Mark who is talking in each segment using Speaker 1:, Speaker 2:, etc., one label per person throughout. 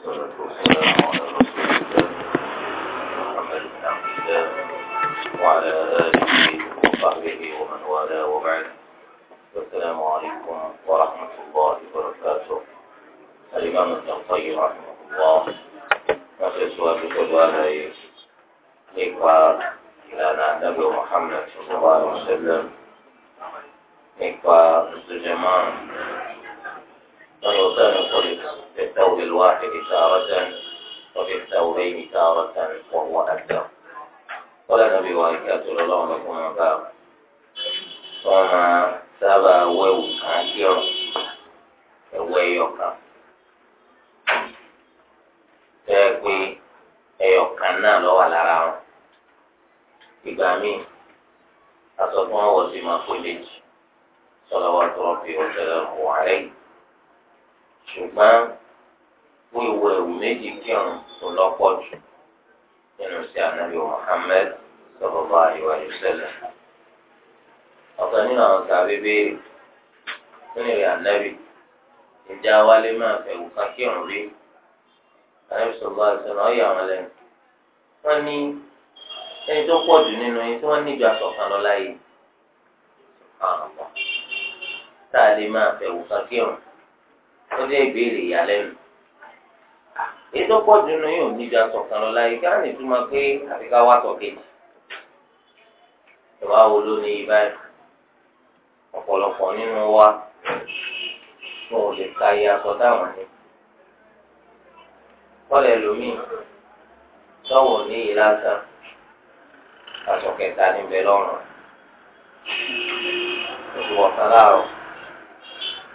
Speaker 1: والصلاة والسلام على رسول الله محمد بن عبد وعلى آله وصحبه ومن والاه وبعد السلام عليكم ورحمة الله وبركاته الإمام القيم رحمه الله نخلصها بكل هذه نقرأ إلى النبي محمد صلى الله عليه وسلم نقرأ الزجمان من وكان قد الثوب الواحد تارة وفي الثوبين تارة وهو أكثر ولا نبي وإكات لله لكم باب وما سبا وو عشر ويوكا تكوي ẹyọkan náà lọ wà lára wọn ìgbà míì aṣọ tí wọn wọ sí máa pé méjì sọlọ wà tọrọ fi ọjọ́ lọ wà lẹ́yìn ṣùgbọ́n pé ìwọ ẹ̀wù méjì kírun tó lọ́pọ̀ jù nínú sí ànábì Muhammad sallallahu alaihi wasallam. ọ̀kan nínú àwọn tàbí béèrè fún ìrìn ànábì ìjà wálé máa fẹ̀wù kan kírun rí ànábì sallallahu alaihi wasallam wọn lẹ́nu. wọ́n ní ẹni tó pọ̀ jù nínú yín tí wọ́n níjọ àsọ̀kan lọ láyé tá a lè máa fẹ̀wù kan kírun ó jẹ́ ìbéèrè ìyàlẹ́nu ètò pọ̀jù nù yóò níbi àtọ̀kan lọ láyé ká ní ìtumọ̀ pé àfi ká wá tọ̀ kejì ìwà wo ló ní ibà yìí ọ̀pọ̀lọpọ̀ nínú wa wọn ò lè ka iye aṣọ táwọn ní kọ́lẹ̀ lómi tọ́wọ̀ ní iye lásán aṣọ kẹta níbẹ̀ lọ́rùn òṣùwọ̀n kan láàrọ̀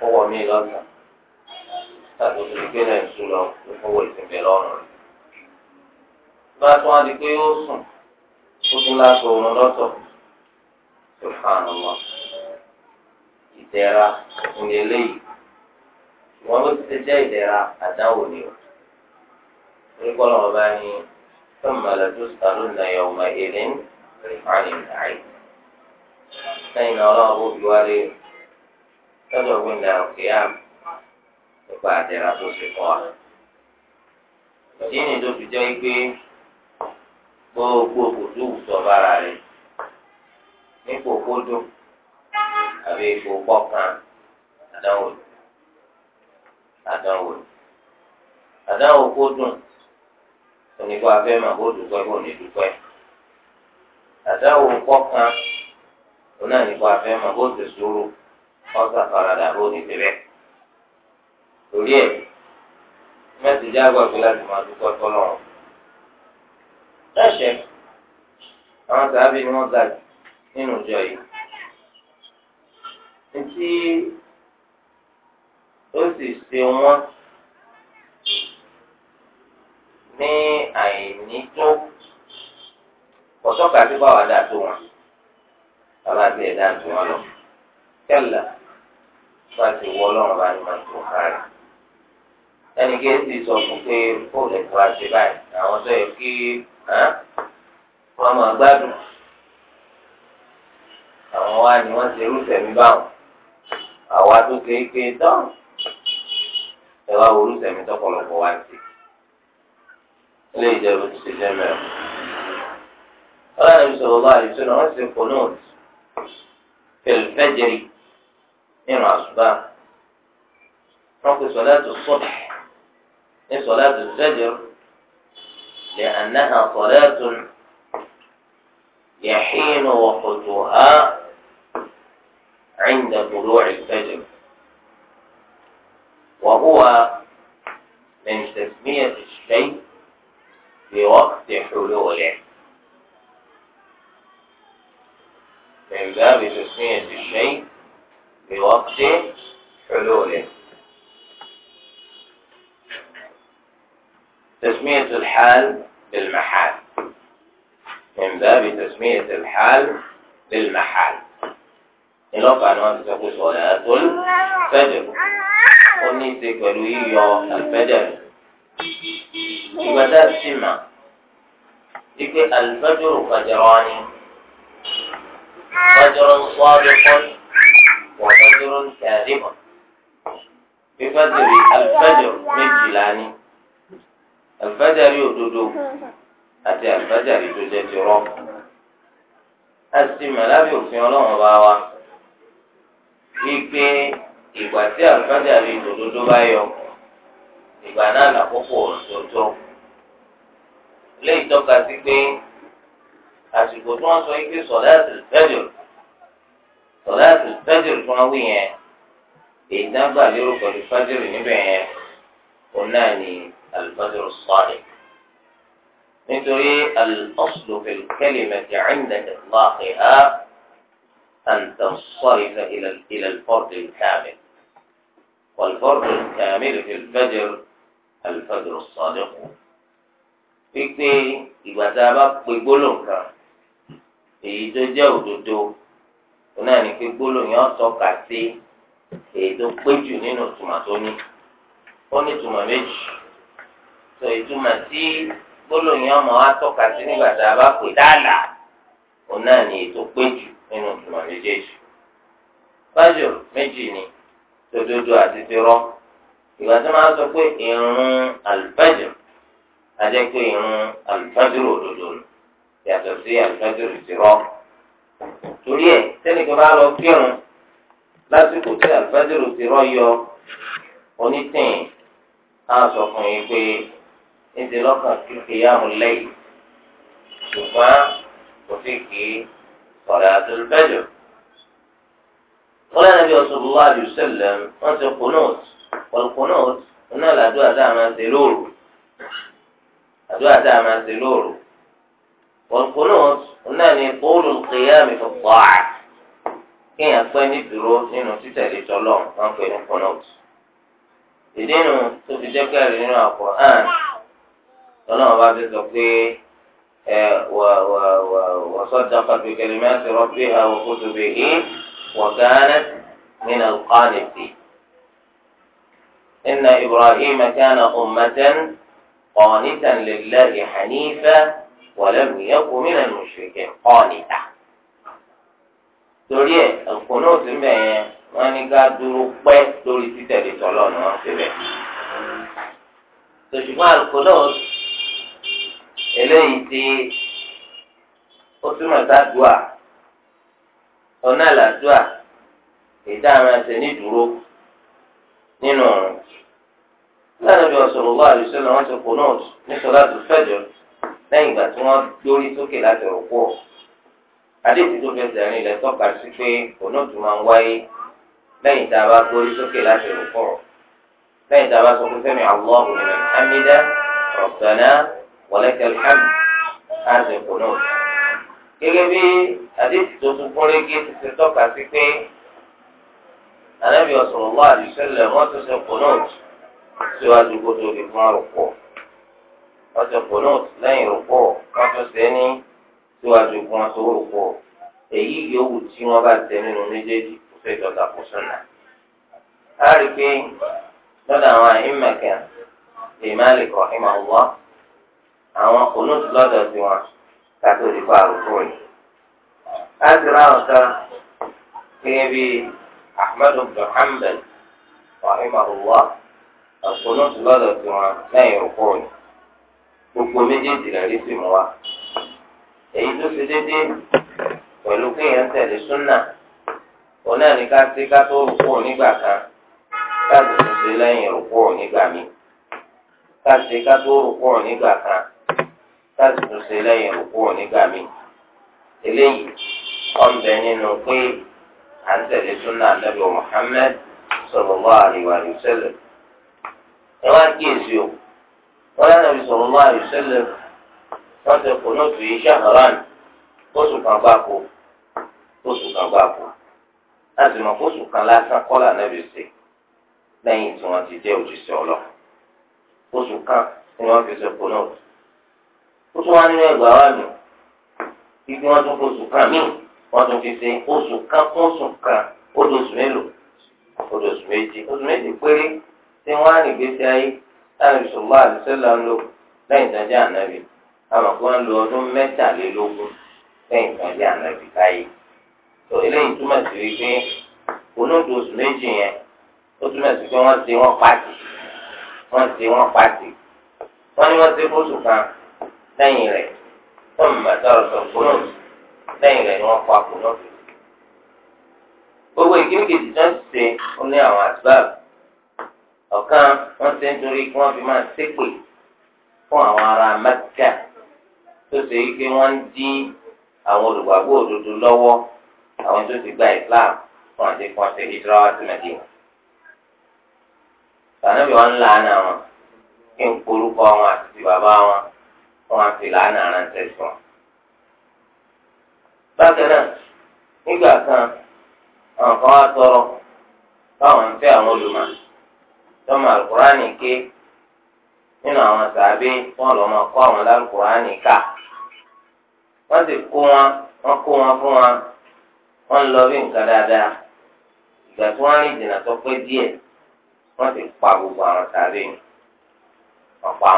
Speaker 1: ó wọ̀ mí lọ́sàn láti oṣù tó kéde ẹ̀sù lọ owó ìsìnkè lọ́rùn rẹ̀. bá a tún wá di pé ó sùn ó tún láti oorun lọ́tọ̀ tó fàánù mọ́ ìdẹ̀ra òun eléyìí ìwọ́n ló ti ṣe jẹ́ ìdẹ̀ra àdáwò ni o. orúkọ lọ́wọ́ bá ní sọ́mà sàlùn náà ọmọ èlé ń rìn àìní. lẹ́yìn náà ọlọ́run ó bí wá lé lọ́jọ́ gbẹ̀ndà òkè àmì. nípa àdẹ̀rà tó ṣe kọ́ wa. ìdí ni tó fi jẹ́ pé gbogbo kòtò wùsọ̀ ara rẹ̀ nípò kódó àbí ipò kọ̀ọ̀kan àdánwò àdánwò àdánwò kódùn onígbà abẹ́ mà kó dùpẹ́ kó ní dùpẹ́ àdánwò kọ̀ọ̀kan onáníkọ̀ abẹ́ mà kó tẹ̀sùrù farada faradà kó ní torí ẹ̀ mẹ́tì jẹ́ àgbàgbé láti máa dúpọ̀ tọ́lọ́run. lẹ́sẹ̀ àwọn sàábì ni wọ́n ga nínú ìjọ yìí. etí ó sì ṣe wọ́n ní àìní tó pọ̀tọ́ka tí báwa dà tó wọn bàbá tí ẹ̀ dà tó wọn lọ kẹ́là bá ti wọ́ ọlọ́run bá ní máa kárí ẹnì kí èsì sọ fún pé ó lè fura sí báyìí àwọn tó yẹ kí wọn máa gbádùn àwọn wa ni wọn ṣe irúfẹ́ mi báwọn àwa tó ṣe é pé tán ẹ wá wo irúfẹ́ mi tọ̀pọ̀lọpọ̀ wá sí ilé ìjẹun ti ṣe jẹ mẹ́rin ọlọ́run sọ̀rọ̀ bá àdìsọ náà wọ́n ṣe kọ́nọ́ọ̀tì pẹ̀lú fẹ́jẹ̀rì nínú àṣùbà wọn kò sọ láti sọ̀tì. ní صلاة الفجر لأنها صلاة يحين yàhínú عند طلوع الفجر وهو من تسمية الشيء بوقت حلوله من باب تسمية الشيء بوقت حلوله تسمية الحال بالمحال من باب تسمية الحال للمحال نلقى عنوان تقول صلاة الفجر وني تقولي إيه يا الفجر وذا سمع ذكر الفجر فجراني فجر صادق وفجر كاذب بفجر الفجر من alifájàrí òdodo àti alifájàrí tó jẹ́ ti rọ àti màlábì òfin Ọlọ́run bá wa wípé ìgbà tí alifájàrí òdodo bá yọ ìgbà náà làkókò òṣòtò léyìí tọ́ka sí pé àsìkò tí wọ́n sọ wípé sọ̀dáàtì fẹ́jọ sọ̀dáàtì fẹ́jọ tí wọ́n wí yẹn èyí dágbà lérò pẹ̀lú fẹ́jọ níbẹ̀ yẹn òun náà nìyí. البذر الصالح مثل الأصل في الكلمة عند إطلاقها أن تنصرف إلى الفرد الكامل والفرد الكامل في الفجر الفجر الصادق فيكني إبتابة ببلوك إيجو جو جو جو هناني في بلوك يوصو كاسي إيجو بجو نينو تماتوني هوني تمامج tó ìtumọ̀ sí gbólóyìn ọmọ wa tọ́ka sí nígbà tá a bá pè dáàlà òun náà ní ètò pé jù nínú ìtumọ̀ méjèèjì. fájò méjì ni tòdodo àti tirọ́ ìgbà tí wọ́n á sọ pé ìrun àlùfájò ajẹ́ pé ìrun àlùfájò òdodo yàtọ̀ sí àlùfájò tirọ́ torí ẹ̀ sẹ́nìkan bá lọ kírun lásìkò tí àlùfájò tirọ́ yọ onítìyìn á sọ fún yín pé. níbi lọ́kàn kíkì yá mu lẹ́yìn ṣùgbọ́n kò sí kí sọ̀rọ̀ àdúrúbẹ́jọ. wọ́n lẹ́nu bí wọ́n ti náà làdúrà a máa àdúrà náà kóòlù kìyàmì à kéèyàn pẹ́ ní dúró nínú títẹ̀lé tọ́lọ́ wọn pè ní ìdí nu tó fi jẹ́ nínú tọ́lọ́mọ bá ti sọ pé ẹ wà wà wà wà sọ́jà pàtó kẹlẹ́mí àti rọ́bì àwọn kótó bẹ̀ yí wà gánà nínú alùpàdé tì. إن إبراهيم كان أمة قانتا لله حنيفا ولم يك من المشركين قانتا torí ẹ ẹkùnú òsì ń bẹ yẹn wọn ní ká dúró pẹ́ lórí títẹ̀lé tọlọ wọn ti bẹ. àlùkò náà eléyìí tí ó túmọ̀ sádùá ọ̀nà àlàdùá ìdá àwọn ẹsẹ̀ nídúró nínú ọ̀run. lẹ́nu bí ọ̀sọ̀rọ̀ wá àlùsọ náà wọ́n ti kó náà nítorí àti fẹ́jọ́ lẹ́yìn ìgbà tí wọ́n lórí sókè láti rò pọ̀. adéèkú tó fẹsẹ̀ rìn lẹ̀ tọ́ka sí pé kò náà tún máa ń wáyé lẹ́yìn tá a bá lórí sókè láti rò pọ̀. lẹ́yìn tá a bá sọ pé sẹ́mi àwọn ọ̀gbìn wọlẹ́kẹ̀ lẹ́mù káàdì kùnú. gẹ́gẹ́ bí àdéhùn tó tún kún régé ti ti tọ́ka sí pé ànábì sallallahu alaihi wasallam wọ́n tún ṣe kùnú síwájú kó tó di fún àrùkọ. wọ́n ṣe kùnú lẹ́yìn rùkọ wọ́n tún ṣe ní síwájú fún àtòwòrùkọ. èyí yòówù tí wọ́n bá tẹ nínú méjèèjì kó fẹ́ jọ tàkó sọ́nà. a rí i pé lọ́dọ̀ àwọn àyínmẹ̀kẹ́ Malik rahimahullah àwọn kònóòtù lọ́dọ̀ sí wọn kátó lè bá àrùkù láti ráhùn bí ahmed ibn rahimahullah kònóòtù lọ́dọ̀ sí wọn lẹ́yìn òkú rẹ̀. gbogbo méjèèjì rẹ̀ rí sí mu wa. èyí tó déédéé pẹ̀lú kéèyàn tẹ̀lé súnà ní ká sí kátó òkú nígbà kan ṣe lẹ́yìn láti tún ṣe lẹ́yìn òkú onígbà mi eléyìí ọ̀nbẹ nínú pé à ń tẹ̀lé súnà ànábì Muhammad sallallahu alaihi wa sallam ẹ wá kíyèsí o wọn lẹ́nu àbí sallallahu alaihi wa sallam wọ́n ti kò nóòtù yìí ṣàhárán oṣù kan gbáko oṣù kan gbáko láti mọ̀ oṣù kan lásán kọ́là ànábì ṣe lẹ́yìn tí wọ́n ti jẹ́ òjíṣẹ́ ọlọ́ oṣù kan ni wọ́n fi ṣe kò nóòtù ó tún wá nínú ẹgbàá wa mi ibi wọn tún kó oṣù kan mí wọn tún fi ṣe oṣù kan kún oṣù kan ó di oṣù mélòó ó di oṣù méjì oṣù méjì péré tí wọn á rìn gbèsè ayé láti fi sọgbọn àdìsẹlẹ ń lò lẹ́yìn ìtajà ànábì àwọn kan ń lo ọdún mẹ́tàlélógún lẹ́yìn ìtajà ànábì láyé tó eléyìí túmọ̀ sí wípé olóòtú oṣù méjì yẹn ó túmọ̀ sí pé wọ́n ti wọ́n pàtì wọ́n ti wọ́n pàtì wọ́n ní wọ́n ti fóṣù kan. lẹ́yìn rẹ̀ wọ́n mú àtàrà sọ̀rọ̀ kúnọ́ọ̀tù lẹ́yìn rẹ̀ ni wọ́n gbogbo ìkíníkejì tó ń ṣe ó ní àwọn àsìbáàbù ọ̀kan wọ́n ti ń torí kí wọ́n fi máa ṣépè fún àwọn ará Mẹ́kà tó ṣe é wọ́n ń àwọn olùgbàgbọ́ òdodo lọ́wọ́ àwọn tó ti gba Islam fún àti fún àti hijra wá sí Mẹ́dínà. sànàbí wọn ń làánà wọn kí n korúkọ wọn àti ti bàbá wọn á fi làánà aránṣẹ́ sùn. bákan náà nígbà kan àwọn kan wá tọrọ báwọn ń fẹ́ àwọn olùmọ̀ ké nínú àwọn sàbí wọn lọ máa kọ́ àwọn ká wọ́n kó wọn wọ́n kó wọn fún wọn wọ́n lọ bí nǹkan dáadáa ìgbà tí wọ́n tó pé díẹ̀ wọ́n pa gbogbo àwọn sàbí wọn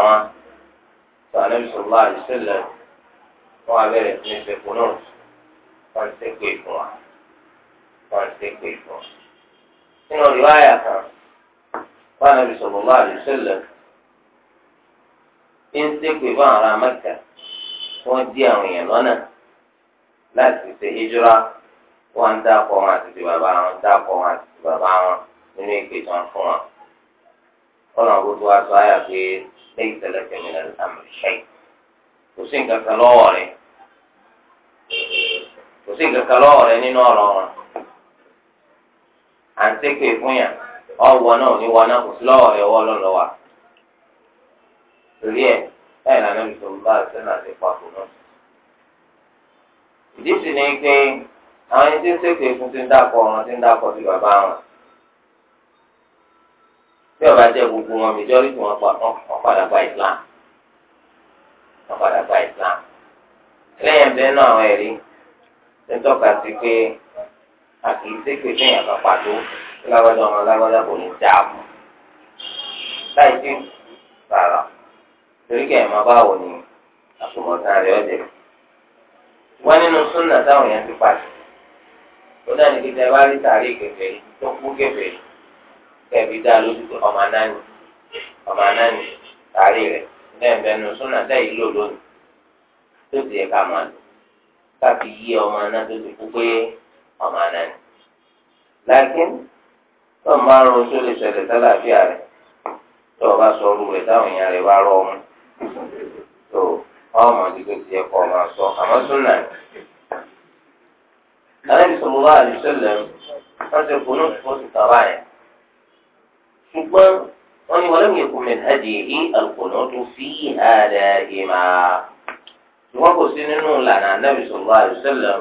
Speaker 1: sọ ànábì sallallahu alaihi wasallam wọn abẹ́rẹ́ sí ní sẹ́kù náà wọn ti pè fún wa wọn ti pè fún wa. nínú rìwáyà kan wọn ànábì sallallahu alaihi wasallam ń sẹ́kù fún àwọn ará wọn dí àwọn èèyàn lọ́nà láti ṣe hijira wọn ń dákọ̀ wọn àti ti bàbá wọn dákọ̀ wọn àti ti bàbá wọn nínú ìpè tí wọn fún wọn kọ́nà gbogbo aṣọ àyà pé lẹ́yìn tẹ́lẹ̀ tẹ̀mínà àmì ṣẹ́yìn kò sí nǹkan kan lọ́wọ́ rẹ̀ kò sí nǹkan kan lọ́wọ́ rẹ̀ nínú ọ̀rọ̀ wọn à ń tẹ́pẹ́ fún yàn ọ̀wọ́ náà ní wọn náà kò sí lọ́wọ́ rẹ̀ ọwọ́ lọ́lọ́ wa torí ẹ̀ báyìí lànà ìṣòro bá àṣẹ́nà àti papọ̀ náà ìdí sì ni pé àwọn ẹni tí ń tẹ́pẹ́ fún ti ń dàpọ̀ wọn ti ń dàpọ̀ sí bàbá wọn
Speaker 2: tí ọba jẹ́ gbogbo
Speaker 1: wọn majority wọn padà gba islam wọn padà gba islam lẹ́yìn bẹ́ẹ̀ náà àwọn ẹ̀rí ń tọ́ka sí pé a kì í ṣépè fẹ́yìn àgbà pàtó lágbàdo ọmọ lágbàdo kò ní dáa fún láì sí rárá torí kẹ́ ẹ̀ máa báwo ni àtúbọ̀tán rẹ̀ ọ̀jẹ̀ wọ́n nínú súnà táwọn èèyàn ti pàṣẹ ó náà kí tẹ́ bá rí tàrí kẹfẹ́ tó kú kẹfẹ́ yìí kẹbi dá lójú pé ọmọ anáni ọmọ anáni sàárì rẹ bẹ́ẹ̀ bẹ́ẹ̀ nu súnà sẹ́yìn lò lónìí tó ti yẹ ká máa lò káfi yí ọmọ aná tó ti kú pé ọmọ anáni. lákìn tó ń máa ronú tó lè ṣẹlẹ̀ sálàáfíà rẹ̀ tó o bá sọ ọrú rẹ̀ táwọn èèyàn rẹ̀ bá rọ ọmú tó ọmọ ti tó ti yẹ kọ́ ọmọ sọ àmọ́ súnà ni. alẹ́ bí sọ̀rọ̀ wá wọ́n ti kunu fún ti tàbá ṣùgbọ́n wọ́n ní wọlé yẹn kò mẹ́ hajj yìí alùpùpù tó fi àdá ìmà. ṣùgbọ́n kò sí nínú ìlànà anábì sallallahu alaihi wasallam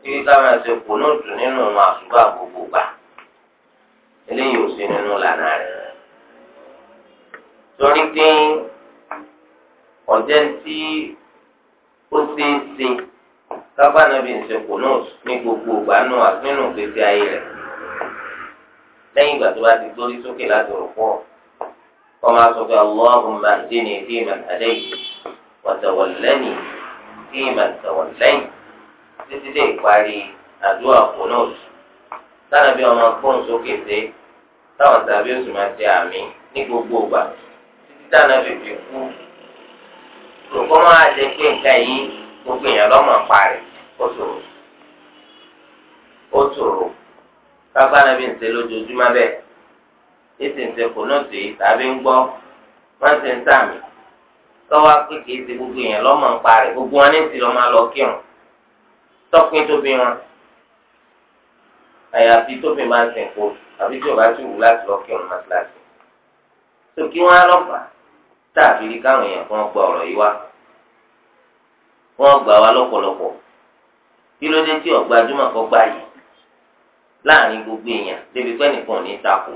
Speaker 1: tí ká máa ṣe kò náà dùn nínú wọn àṣùgbọ́n àgbègbè gbà. eléyìí ò sí nínú ìlànà rẹ̀. torí pé ọ̀jẹ̀ tí ó ṣeé ṣe kábàánà bí ń ṣe kò náà ní gbogbo ìgbà náà nínú ìgbésí ayé rẹ̀. lẹ́yìn ìgbà tó bá ti gbórí sókè láti rò pọ̀ kọ́ máa sọ pé allahumma ahdini fi man hadayt wa tawallani fi man títí dé ìparí àdúrà kùnúùs tánàbí ọmọ gbóhùn sókè dé táwọn tàbí oṣù máa àmì ní gbogbo ìgbà títí kú máa jẹ pé nǹkan yìí gbogbo èèyàn parí ó pápá nàbí ń ṣe lójoojúmọ́ bẹ́ẹ̀ èsì ń ṣe kò náà sí tàbí ń gbọ́ wọ́n ti ń sàmì tọ́wọ́ pé kì í ṣe gbogbo èèyàn lọ́mọ ń parẹ́ gbogbo wọn ní ìsìn lọ́mọ lọ kírun tọ́pin tóbi wọn àyàfi tóbi máa ń sìn kó àbí tí o bá ti wù láti lọ kírun máa kíláàsì tó kí wọ́n á lọ́pàá tàbí káwọn èèyàn kan gba ọ̀rọ̀ yìí wá wọ́n gbà wá lọ́pọ̀lọpọ̀ kí ló dé tí ọ̀gbájúmọ̀ kọ́ gbà yìí. láàrin gbogbo èèyàn débi pé nìkan ò ní takò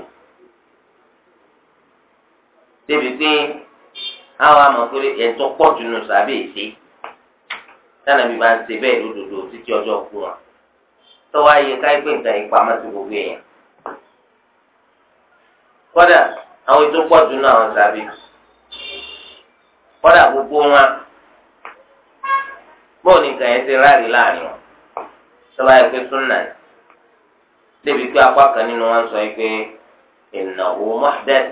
Speaker 1: débi pé àwọn àmọ̀ ẹ̀tọ́ pọ̀ jùlọ sábẹ́ èsì tánàbí bá ń ṣe bẹ́ẹ̀ lódodo títí ọjọ́ kú wọn tọ́wọ́ ayé nǹkan ìpamọ́ sí gbogbo èèyàn àwọn ètò pọ̀ jùlọ àwọn sábẹ́ gbogbo wọn bóun nìkan ẹ̀ ti ráàlì débi pé apá kan nínú wọn sọ pé ìnáwó mọ́tẹ́t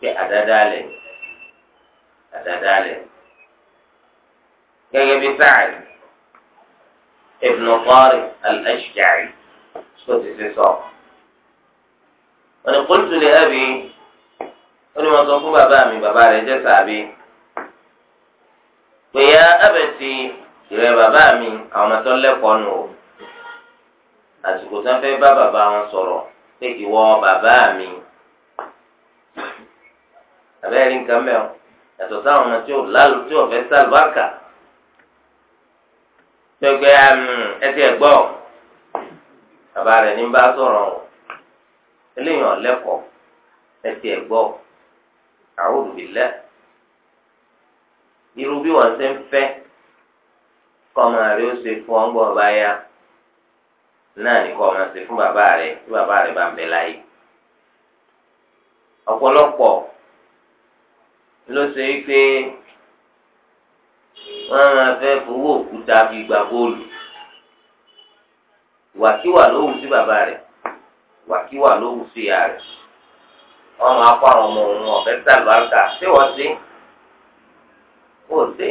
Speaker 1: pé àdádálẹ̀ àdádálẹ̀ gẹ́gẹ́ bí Sa'd ibn Tariq al-Ashja'i tó ti ṣe sọ. wọ́n kò tún lè ẹ̀bí wọ́n ni wọ́n sọ fún bàbá mi bàbá rẹ̀ jẹ́ sàbí pé ya abati ìrẹ̀ bàbá mi àwọn ọmọ tó lẹ́kọ̀ọ́ nù o àsìkò tí wọ́n fẹ́ bá bàbá wọn sọ̀rọ̀ pé ìwọ bàbá mi abẹ́rẹ́ nǹkan mẹ́wọ́ yàtọ̀ sáwọn ọmọ tí ò lálù tí ò fẹ́ sálùbákà gbẹgbẹ um, ẹtì ẹgbọ́ bàbá rẹ̀ ní bá sọ̀rọ̀ o eléyìí ọ̀lẹ́kọ̀ọ́ ẹtì ẹgbọ́ àwọn olùbílẹ̀ irú bí wọ́n ṣe ń fẹ́ kọ́ ọmọ rẹ̀ ó ṣe fún ọgbọ́n ọba ya náà ní kọ́ máa ṣe fún bàbá rẹ̀ tí bàbá rẹ̀ bá ń bẹ láyé. ọ̀pọ̀lọpọ̀ ló ṣe wípé wọ́n máa fẹ́ fowó òkúta fi gbà bóòlù ìwàkiwà ló wù sí bàbá rẹ̀ ìwàkiwà ló wù sí ìyá rẹ̀ wọ́n máa kọ́ àwọn ọmọ òun ọ̀fẹ́ sàlùbáríkà ṣé wọ́n ṣe? ó ṣe é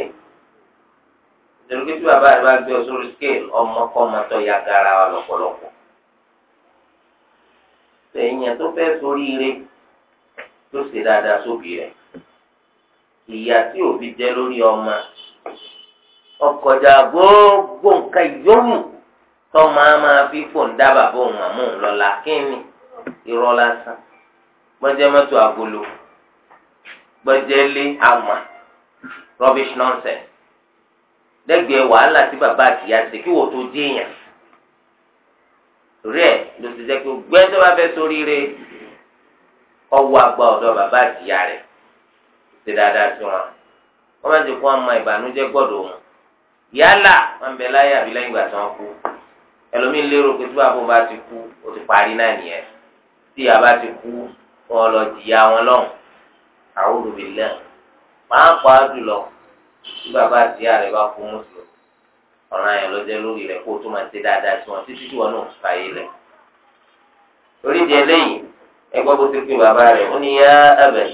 Speaker 1: torí pé tí bàbá rẹ bá gbé ọ sórí scale ọmọkọ́mọ tó ya gara wa lọ́pọ̀lọpọ̀ èèyàn tó fẹ́ sórí ire tó ṣe dáadáa sóbì rẹ̀ ìyá tí òbí jẹ lórí ọmọ ọkọjà gbogbo nǹkan yòówù tọ́mọ á máa fi fòun dábàá bóun àmú ńlọ́la kínní irọ́ lásán gbọ́njẹ́ mọ́tò agolo gbọ́njẹ́ lé àmà rubbish nonsense lẹ́gbẹ̀ẹ́ wàhálà tí bàbá àtìyá ṣe kí wò tó déèyàn torí ẹ̀ ló ti jẹ́ pé gbẹ́ tó bá fẹ́ sórí rẹ̀ ọwọ́ àgbà ọ̀dọ̀ bàbá àtìyá rẹ̀ ṣe dáadáa sí wọn wọ́n máa ń jẹ́ kó wọn mọ ìbànújẹ́ gbọ́dọ̀ wọn yálà wọn bẹ láyé àbí lẹ́yìn ìgbà tí wọ́n kú ẹlòmíín lérò pé tí bàbá bá ti kú ó ti parí náà nìyẹn tí bàbá ti kú wọn lọ jìyà wọn lọ́hùn àwọn olùbílẹ̀ pàápàá jùlọ tí bàbá àti ìyá rẹ̀ bá kú mùsùlùmí ọ̀ràn yẹn ló jẹ́ lórí rẹ̀ kó o tó máa ṣe dáadáa sí wọn títí tí wọn náà fà yé lẹ̀. torí di eléyìí ẹgbẹ́ bó ti pé bàbá rẹ̀ ó ní yá ẹ̀bẹ̀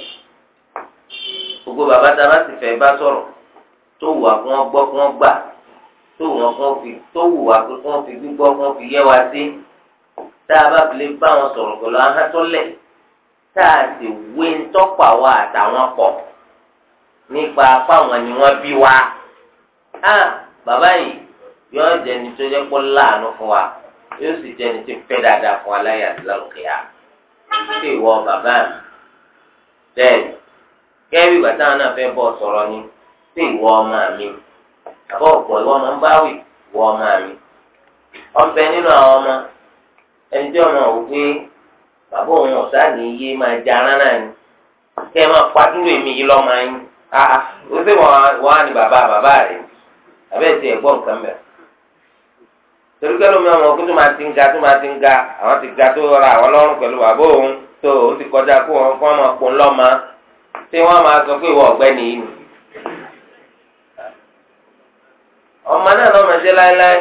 Speaker 1: gbogbo bàbá tá a bá sì fẹ́ bá sọ̀rọ̀ tó wù wá kí wọ́n gbọ́ kí wọ́n gbà tó wù wá kí wọ́n fi gbígbọ́ kí wọ́n fi yẹ wá sí tá a bá lè bá wọn sọ̀rọ̀ pẹ̀lú ahọ́n tá a sì wé ń tọ́pọ̀ àtàwọn pọ̀. nípa apá wọn ni wọn bí wa á bàbá yìí yóò ẹni tó yẹ kó láàánú fún wa yóò sì ẹni tó fẹ́ dáadáa fún aláya lọ́kẹ́yà ṣé ìwọ bàbá mi bẹ́ẹ̀ kẹ́rì ìgbà náà fẹ́ ni ṣé wọ ọmọ mi ìwọ ọmọ ń ọmọ mi nínú àwọn ọmọ ẹni tí bàbá òun ọ̀sán iye máa jẹ ni máa àà ó sì wọ́n á ní bàbá bàbá rẹ̀ àbẹ́ẹ̀ ti ẹ̀gbọ́n nǹkan bẹ̀. torí kẹ́lò mi ọmọ ogun tó máa ti ń ga tó máa ti ń ga àwọn ti ga tó ra àwọn lọ́rùn pẹ̀lú bàbá òun tó òun ti kọjá kó wọn kó wọn máa pọn lọ́mọ tí wọ́n máa sọ pé ìwọ ọ̀gbẹ́ni yìí ni. ọmọ náà lọ́ mọ̀ ṣe láéláé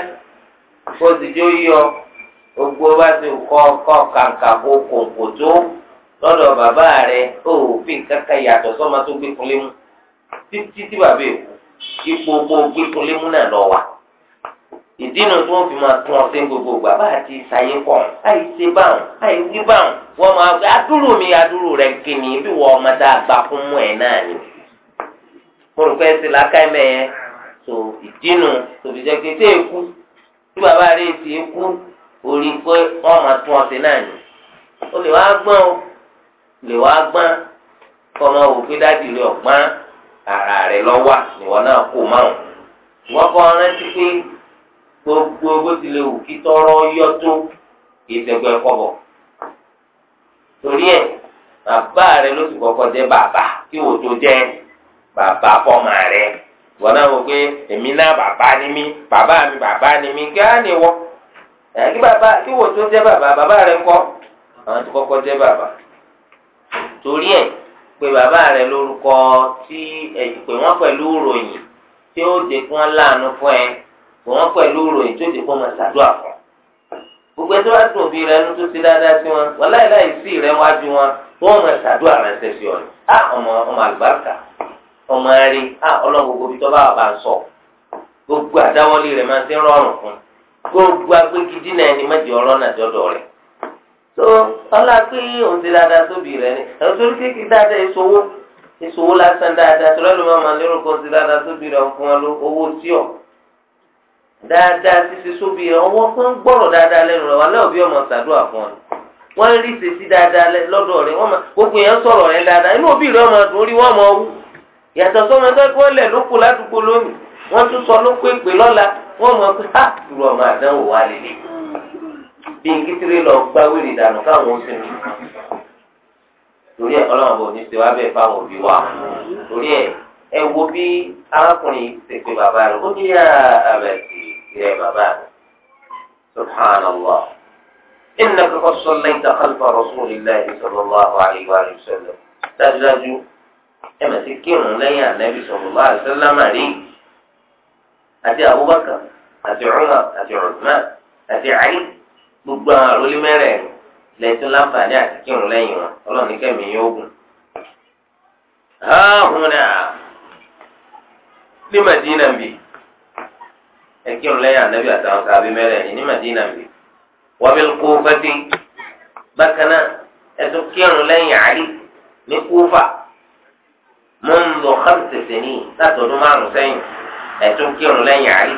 Speaker 1: kó o sì jó yọ gbogbo bá ti kọ́ kọ́ kàǹkà kó kòǹkò tó lọ́dọ̀ bàbá rẹ̀ ó fi nǹkan kan yàtọ̀ sọ́mọ tó gbé kunlé mu títí tí bàbá èkó ipò owó gbẹ́kun lé múnà lọ wa ìdínà tí wọ́n fi máa tún ọ sí gbogbo ìgbà bá àti ìsàyè kọ àyè ṣe báwọn àyè wí báwọn wọ́n máa gbé adúrú mi adúrú rẹ kìnnì bí wọ́n ọmọ tá a gbà fún mú ẹ náà ni mo rò pé ẹ ti làákàyè mẹyẹ tó ìdínà tòbí jẹ pé tẹ èkú e tí bàbá rẹ ti èkú orí pé wọ́n máa tún ọ sí náà ni o lè wá gbọ́n o lè wá gbọ́n kọ́ máa wò pé dájú rẹ ọ̀gbọ́n. ara rẹ lọ́wà níwọ náà kò márùn wọn kọ́ rántí pé gbogbo bó tilẹ̀ wù kí tọrọ yọ tó kì í torí ẹ̀ bàbá rẹ ló sì kọ́kọ́ jẹ́ bàbá kí wò tó jẹ́ bàbá fọ́mà rẹ wọn náà pé èmi náà bàbá ni mí bàbá mi bàbá ni mí pé bàbá rẹ lórúkọ tí pé wọ́n pẹ̀lú ròyìn tí ó dé kí wọ́n láàánú fún ẹ pé wọ́n pẹ̀lú ròyìn tí ó dé kí wọ́n máa ṣàdúrà fún gbogbo ẹjọ́ wá tún òbí rẹ ní tó ti dáadáa sí wọn wọ́n láì láì sí rẹ wájú wọn wọ́n máa ṣàdúrà rẹ ṣẹṣẹ ọ̀nà á ọmọ ọmọ àlùbáríkà ọmọ rí á ọlọ́run gbogbo bí bá wà bá ń sọ gbogbo àdáwọ́lé rẹ̀ máa ti rọrùn fún gbogbo agbégidínà ẹni mẹ́jọ ọlọ́nà dọ́dọ̀ rẹ̀ So, ọlá pé òun ti dáadáa sóbì rẹ ni ẹ̀rọ torí kéèké dáadáa ìṣòwò ìṣòwò lásán dáadáa tó lọ́dún máa lérò kan ti dáadáa sóbì rẹ fún ọ owó tí ọ dáadáa ṣíṣe sóbì rẹ ọwọ́ fún gbọ́rọ̀ dáadáa lẹ́nu rẹ wà lẹ́ọ̀bí ọmọ ṣàdúrà fún ọ wọ́n rí ṣèṣì dáadáa lọ́dọ̀ rẹ wọ́n máa gbogbo yẹn sọ̀rọ̀ rẹ dáadáa inú òbí rẹ máa dùn orí wọ́n máa wú yàtọ̀ sọ́mọ tó kọ́ ha ìrù ọmọ àdánwò wà lélẹ́yìí bí kíkiri lọ gbá wíìlì dànù káwọn oṣù ní. torí ẹ ọlọ́run bò ní tiwa bẹ́ẹ̀ fáwọn òbí wa torí ẹ ẹ wo bí arákùnrin ṣe pé bàbá rẹ ó ní yà àbẹ̀tì rẹ bàbá rẹ subhanallah. إنك قد صليت خلف رسول الله صلى الله عليه وآله وسلم dájúdájú ẹ mà ti kírun lẹ́yìn ànábì sallallahu alaihi wasallam rí àti abubakar àti umar àti uthman àti ali gbogbo àwọn àròlé mẹ́rẹ̀ lẹ́tún láǹfààní àti kírun lẹ́yìn wọn ọlọ́run ní kẹ́mi yín ogun. ahùnà ní Madina bì ẹ kírun lẹ́yìn ànábì àtàwọn sàbí mẹ́rẹ̀ ní Madina bì wàbí kófẹ́tì bákan náà ẹ̀tún kírun lẹ́yìn àlì ní kófà mọ́ńdọ̀ khamsi sinin látọ̀dún márùn-ún sẹ́yìn kírun lẹ́yìn àlì.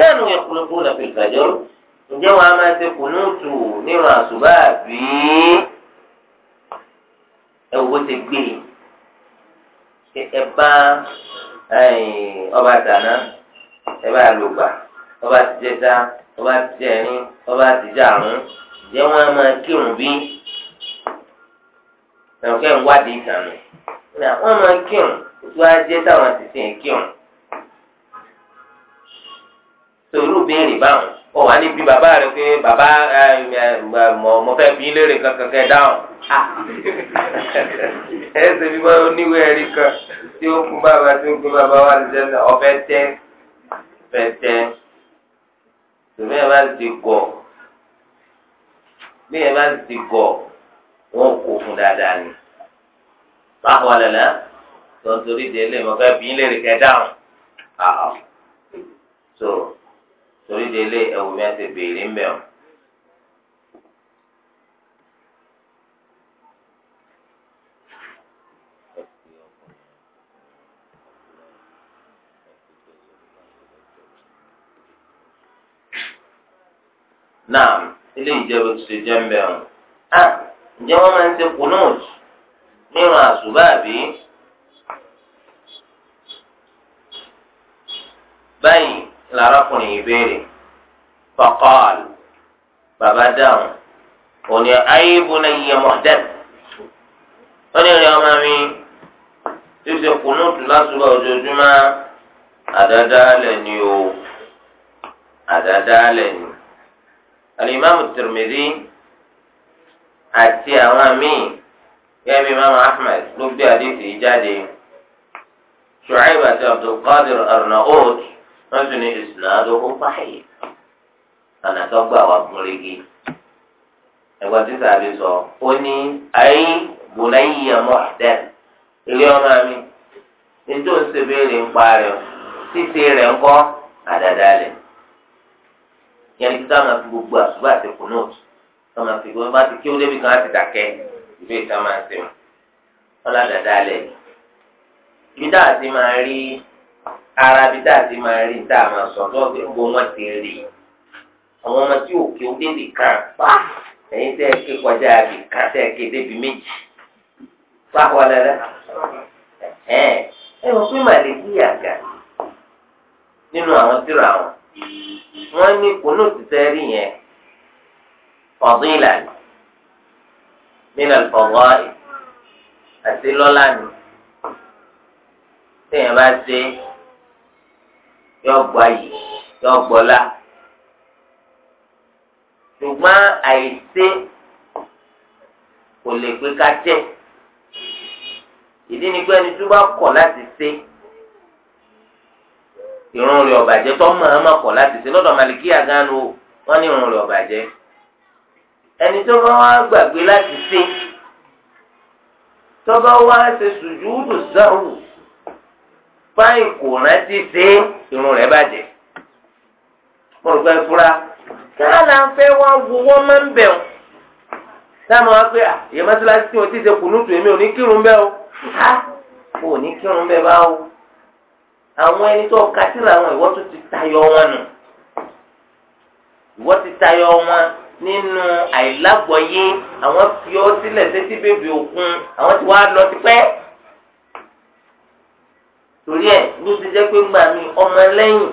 Speaker 1: kanu yaquluna fil fajr ǹjẹ́ wọn a máa ṣe kùnúùtù níwọ̀n àṣùbà bí ẹ wo ti gbé e. ẹ bá ọba tàná ẹ bá lògbà ọba tìjẹta ọba tìjẹrin ọba tìjàrún ǹjẹ́ wọn a máa kírun bí ẹ̀ ń wádìí ìtàn mi wọn a máa kírun tó a jẹ́ táwọn ti sìn kírun tó irú báwọn ọ wà níbi bàbá rẹ pé bàbá mo fẹ́ bí léèrè kankan kẹ dáhùn ẹ ṣe bí wọ́n oníwèé ẹ̀rí kan tí ó kún bàbá tí ó kún bàbá wà lójú ẹ̀ ọ̀fẹ́ tẹ́ fẹ́ tẹ́ tòmí ẹ̀ bá ti gọ̀ bí ẹ̀ bá ti gọ̀ wọ́n kó fún dáadáa ni báwo lẹ́la tó ń torí délé mo fẹ́ bí léèrè kẹ dáhùn torí délé ẹ̀wù mi àti béèrè ń bẹ̀ ọ́. náà ilé ìjẹun ti ṣe jẹ́ ń bẹ̀ ọ́. a ah, ǹjẹ́ wọ́n máa ń ṣe kùnúùtù nírun àṣùbà àbí? báyìí lárakùnrin ìbéèrè faqal bàbá dáhùn òní ayébó náà yẹ mọ̀dẹ́n wọ́n ní ìrìn ọmọ mi tó ṣe kùnúùtù lásùbà ojoojúmọ́ àdádálẹ̀ ni o àdádálẹ̀ ni alimami Tirmidhi àti àwọn míì gẹ́gẹ́ imam Ahmad ló gbé àdéhùn yìí Shu'aib àti Abdulqadir Arnaud. wọ́n sì ní ìsìnàdó ó fàáyé ọ̀nà tó gbà wá gúnrégé ẹ̀gbọ́n tí sàbí sọ ó ní ayé ilé ọmọ mi nítorí ń ṣe béèrè ń títí rẹ̀ ń kọ́ gbogbo àti kùnúùtù fi gbogbo ti kí ó débi kan láti dàkẹ́ ìta máa ń yìí. ibi táà ara bí tá a ti máa rí tá a máa sọ tó ọgbẹ gbogbo wọn ti rí àwọn ọmọ tí òkè ó débì kan pa ẹyin tẹ ké kọjá àbí kan tẹ ké débi méjì pa wà lára ẹ ẹ mọ̀ pé màlẹ kí yàgà nínú àwọn tíra wọn wọn ní kùnú títẹ rí yẹn ọdún ìlànà nínú ọgọ àti lọlá ni tẹyìn bá ṣe yọ gbọ́ ayé yọ gbọ́lá ṣùgbọ́n àìsí kò lè pé ká jẹ́ ìdí ni pé ẹni tó bá kọ̀ láti ṣe ìrun rẹ̀ ọ̀bàjẹ́ tó mọ̀ ọ́n mọ̀ kọ̀ láti ṣe lọ́dọ̀ màlìkíyà ganu wọ́n ní ìrun rẹ̀ ọ̀bàjẹ́ ẹni tó bá wá gbàgbé láti ṣe tó bá wá ṣe sùjúdù sáwù fáìn kò rántí ṣe irun rẹ̀ bàjẹ́ mo rò pé fúra káàlà ń fẹ́ wá wo wọ́n máa ń bẹ̀ ọ́ táwọn wá pé àyè mọ́sálásí tí wọ́n ti ṣe kùnúùtù èmi ò ní kírun bẹ́ẹ̀ o ha ò ní kírun bẹ́ẹ̀ bá o àwọn ẹni tó ka síra àwọn ìwọ́ tó ti tayọ wọn nù ìwọ́ ti tayọ wọn nínú àìlágbọ̀yé àwọn fi ọ́ sílẹ̀ sétí bèbè òkun àwọn ti wá lọ tipẹ́ torí ẹ̀ ló ti jẹ́ pé gbà mí ọmọ lẹ́yìn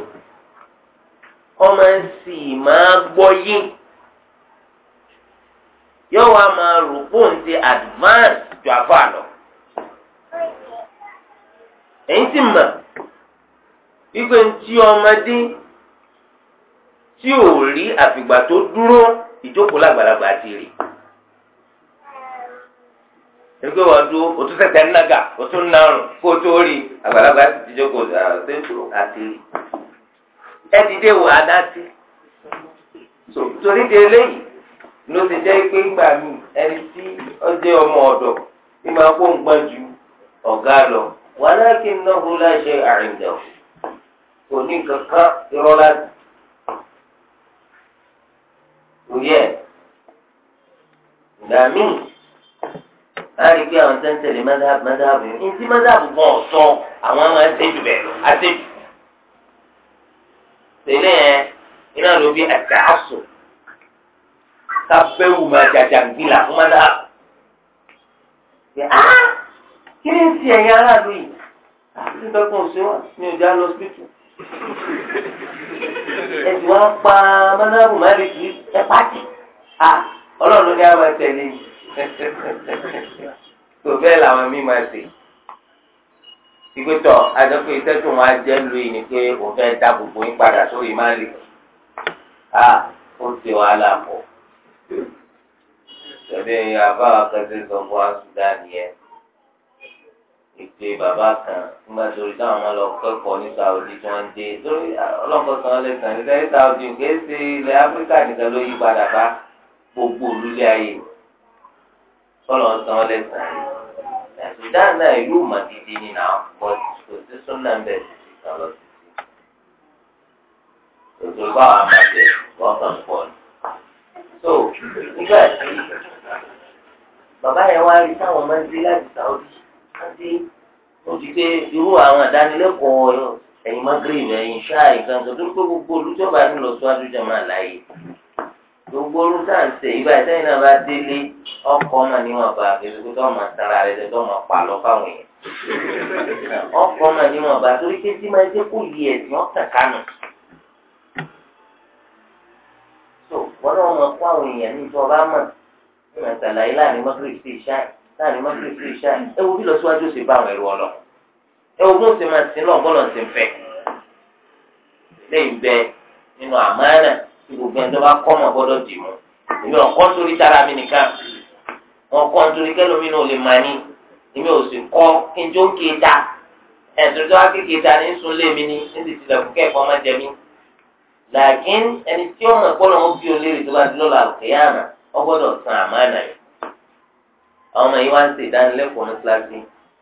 Speaker 1: ọmọ sì máa gbọ́ yín yóò wá máa rò pò ń ṣe advance ju àfa lọ èyí sì mọ̀ wípé tí ọmọdé tí ò rí àfìgbà tó dúró ìjókòó làgbàlagbà ti rí. ẹgbẹ́ wọn dúró o tún sẹ̀sẹ̀ ń nàgà o tún nàrùn kó o tó rí àgbàlagbà ti ti jókòó ṣéǹtúrò àti rí ẹ ti dé wò adásí torí di eléyìí ló ti jẹ́ pé gbà mí ẹni tí ó jẹ́ ọmọ ọ̀dọ̀ ní máa kó nǹkan ju la láàrin pé àwọn tó ń tẹ̀lé mọ́dáàbù mọ́dáàbù yìí ntí mọ́dáàbù gan ọ̀sọ́ àwọn máa ń tẹ́jú bẹ́ẹ̀ lọ àtẹ́jú. tẹ̀lé yẹn iná ló bí ẹ̀ka àṣọ kábẹ́wù máa jàjàngbìlà fún mọ́dáàbù. kí ni ti ẹ̀yin aráàlú yìí àti ìtọ́kùn òṣèwà ni ò já lọ síbìtì. ẹ̀sìn wa pa mọ́dáàbù máa lè kí ẹ pàtì. ọlọ́run ní a máa tẹ̀lé yìí tó bẹ́ẹ̀ làwọn míì máa ṣe ìgbésọ̀ àdókò iṣẹ́ tó máa jẹ́ lu yìí ni pé òun fẹ́ dá gbogbo yín padà sórí máa lè a ó ṣe wàhálà pọ̀ tẹ̀lé àbáwá kan ṣe sọ fún asúdá nìyẹn ìpè bàbá kan nígbà tó rí táwọn ọmọ lọ kẹ́kọ̀ọ́ ní Saudi tí wọ́n ń dé lórí ọlọ́pàá san lẹ́sàn-án ní Saudi kìí ṣe ilẹ̀ Áfíríkà nìkan ló yí padà bá gbogbo olúlé ayé mi kọlọ ń san lẹsàn án Sudan náà ìlú màdìdì ni nà bọ kò sí súnà ń bẹ títí kan lọ sí i òtò bá wà má bẹ wọn pọ ni. so nígbà tí bàbá yẹn wá rí táwọn máa ń dé láti Saudi máa ń dé ó ti pé irú àwọn àdánilẹ́kọ̀ọ́ ẹ̀yìn magreth ẹ̀yìn ṣáà ìgbàgbọ́ tó pé gbogbo olùjọba ń lọ síwájú máa láàyè gbogbo orú tá à ń ṣe ìgbà ìsẹ́yìn náà bá délé ọkọ̀ ọmọ níwọ̀n bá àbẹ̀sẹ̀kú tó ọmọ sára rẹ̀ tó ọmọ pa lọ fáwọn èèyàn ọkọ̀ ọmọ níwọ̀n bá torí pé tí máa jẹ́ kó yí ẹ̀sìn ọ̀tàn kánù. tó wọn náà mọ fún àwọn èèyàn ní ìjọ bá mọ̀ ní màtàláyé láàrin mọ́kìrì sí iṣẹ́ láàrin mọ́kìrì sí iṣẹ́ ẹ wo bí lọ síwájú ó ṣe bá àwọn ẹrù ọlọ ẹ wo bó ṣe máa sin náà gbogbo ẹni tó bá kọ́ ọmọ gbọ́dọ̀ dì mú èmi ọ̀kọ́ torí tara mi nìkan wọn kọ́ nítorí kẹlòmí náà ò lè máa ní èmi ò sì kọ́ kí n jó kéta ẹ̀sùn tó wá kékeré ní sùn lé mi ní ní ti tilẹ̀kùn kẹ́kọ̀ọ́ má jẹ mí làákín ẹni tí ó mọ̀ gbọ́dọ̀ ó bí olórí tó bá ti lọ́la àlùkìyàmà ó gbọ́dọ̀ san àmánà yìí àwọn ọmọ yìí wá ń ṣe ìdánilẹ́kọ̀ọ́ ní kíláàsì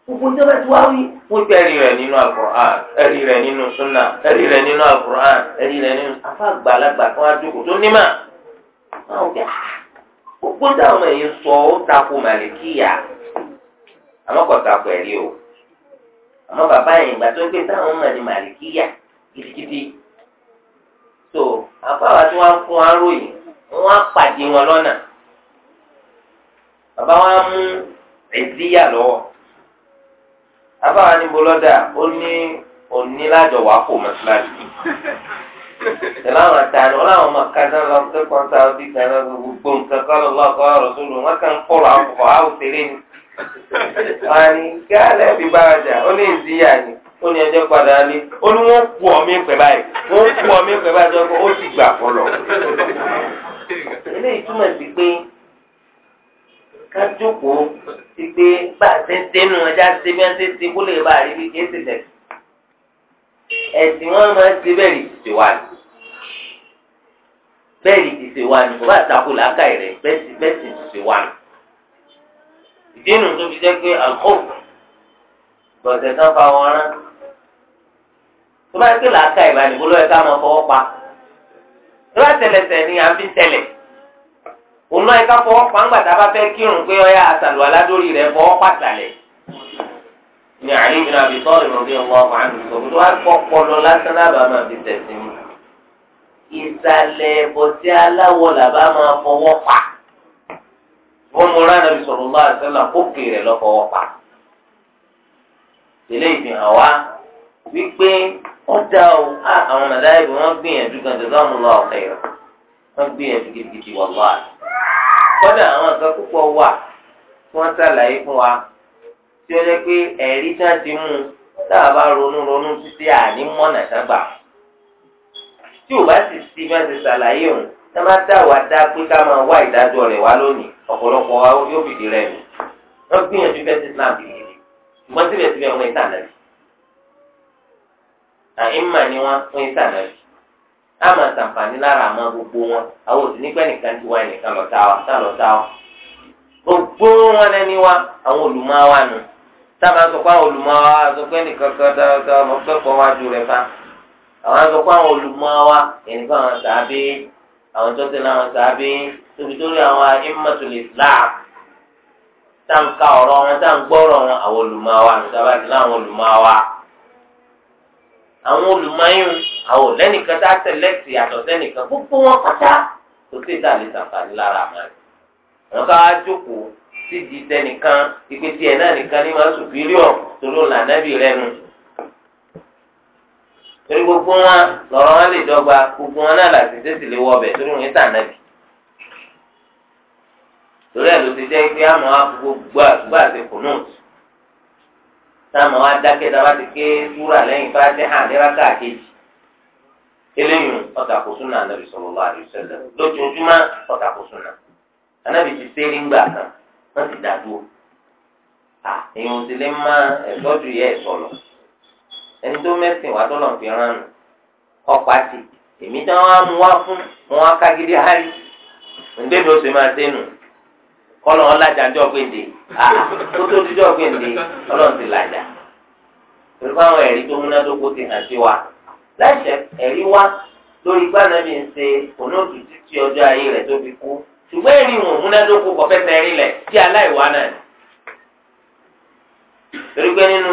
Speaker 1: gbogbo ní ọba tí wàá wí. wọ́n gbé ẹ̀rí rẹ̀ nínú alukur'an ẹ̀rí rẹ̀ nínú sunna ẹ̀rí rẹ̀ nínú alukur'an ẹ̀rí rẹ̀ nínú afa gbalagbà kan adúgbò tó ní mà. báwo bí ah, gbogbo táwọn ọmọ yìí ń sọ ó takò màlìkíyà àmọ́ kò takò ẹ̀rí o àmọ́ bàbá yẹn ìgbà tó ń gbé táwọn ọmọ ní màlìkíyà gidigidi. tó afáwa tí wọ́n á fún wa ròyìn wọ́n á pàdé wọn lọ́nà bàbá wa mú ẹ̀díyà lọ́wọ́. abawa ní bọlọ́dà ó ní òní lájọ wàá kó mọ́sálásí tẹ̀lé àwọn àtàlù ọlọ́run ọmọ kásá lọ kẹ́kọ̀ọ́ sáwọ́dí kan lọ gbogbo nǹkan kọ́ lọ́wọ́ kọ́ ọ̀rọ̀ tó lò wọ́n kàn ń ni. wọ́n ní bí bárajà ó lè zíyà ni ó ní ẹjọ́ padà ní ó ní wọ́n kú ọmọ ìpè báyìí wọ́n kú ọmọ ìpè báyìí ó kájókòó ìgbé bá a ṣe ń dénú ọjà ṣe bí wọ́n ṣe ṣe kó lè bá a rí bí kí ẹ ṣe tẹ̀sí. ẹ̀sìn wọn máa ń ṣe bẹ́ẹ̀ rí ti wà ní. bẹ́ẹ̀ rí ti ṣe wà ní kò bá àtakò làákàyè rẹ̀ bẹ́ẹ̀ sì ti ṣe wà ní. ìdí nu tó fi jẹ́ pé àkókò gbọ̀dẹ̀ tán fa wọn rán. tó bá ń pè làákàyè bá ní kó lọ́ọ́ ká máa fọwọ́ pa. tó bá tẹ̀lẹ̀tẹ̀ ni à ń fi tẹ̀lẹ̀ òun náà ká fọwọ́ pàǹgbàtà bá fẹ́ kírun pé ọyá àtàlù aládórí rẹ̀ fọwọ́ pàtàlẹ̀ ní àlè ìbínú àbí sọ́ọ̀rì lọ́dí ọmọ ọmọ àdùnsọ̀ tó wá kọ́ pọlọ lásán lábà máa fi tẹ̀sí mu. ìsàlẹ̀ bọ̀sí aláwọ̀ làbá máa fọwọ́ pa. wọ́n mú rán àbí sọ̀rọ̀ lọ́wọ́ àtẹ́là kókè rẹ̀ lọ fọwọ́ pa. tẹ̀lé ìfihàn wa wípé ọjà ah, àwọn màdáyébù wọn gbìyànjú kan jọ̀dọ̀ àwọn ọ̀kẹ́ wọ́n gbìyànjú gidigidi wà wá. kọ́dà àwọn nǹkan púpọ̀ wà tí wọ́n ṣàlàyé fún wa tí ó jẹ́ pé ẹ̀rí tí wọ́n ti mú un táà bá ronú ronú títí àní mọ́nà sábà. tí ò bá sì sí bá ti ṣàlàyé òun tá má dá wa dá pé ká máa wá ìdájọ́ rẹ̀ wá lónìí ọ̀pọ̀lọpọ̀ wa yóò fìdí rẹ̀ mi. wọ́n gbìyànjú fẹ́ sí Islam gidigidi ṣùgbọ́n síbẹ̀síbẹ̀ wọn ìtàn náà àìmà ni wọn fún ìtàn náà á máa ṣàǹfààní lára àmọ́ gbogbo wọn àwọn òsì nígbẹ́ nìkan ti wá ẹnìkan lọ tá lọ tá gbogbo wọn lẹni wa àwọn olùmọ̀wá nù táwọn sọ pé àwọn olùmọ̀wá sọ pé nìkan kan tá tá lọ kẹ́kọ̀ọ́ wá ju rẹ̀ fa àwọn sọ pé àwọn olùmọ̀wá ẹnìkan àwọn sàábé àwọn tó ti láwọn sàábé tóbi àwọn táǹkà ọ̀rọ̀ wọn táǹgbọ́rọ̀ wọn àwọn láwọn àwọn olùmọ̀ọ́yún àwọn òlẹ́nìkan tá a tẹ̀lẹ́tì àtọ̀ sẹ́nìkan gbogbo wọn pátá kò sí ìta lè sàǹfààní lára àmàlẹ́ wọn ká wá jókòó sí di sẹ́nìkan ipe tiẹ̀ náà nìkan ní máa sùpírìọ̀ torí òun làǹdàbì rẹ nu torí gbogbo wọn lọ́rọ̀ wọn lè dọ́gba gbogbo wọn náà làti tẹ̀sí lè wọ ọbẹ̀ torí òun yẹn tà náà bì torí ẹ̀ ló ti jẹ́ pé àmọ́ gbogbo àtúgbà àti kùnúùtù táwọn wá dábàá ti ké súrà lẹ́yìn fatiha níraka ha eléyìí ọ̀tàkù súnà ànábì lójoojúmọ́ súnà ànábì ti kan wọ́n ti dàdúró èèyàn ti lè má ẹ̀sọ́ ju ẹ̀sọ́ lọ ẹni tó mẹ́sìn wá tó lọ́n fi ránnu ọ̀pá ti èmi tí wọ́n wá fún wọn á ká gidi ó sì máa dénú kọlọ ọlájà ńjọ gbèndé àà ah, tó tó díjọ gbèndé Ọlọ́run ti làjà pẹ̀lú àwọn tó ti hàn sí wa láìsẹ wa lórí gbànàbí ń ṣe títí ayé tó fi kú wọn aláìwá náà pé nínú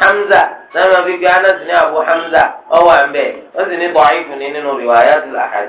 Speaker 1: Hamza Hamza ọwọ ó sì ní ní nínú rìwáyà tó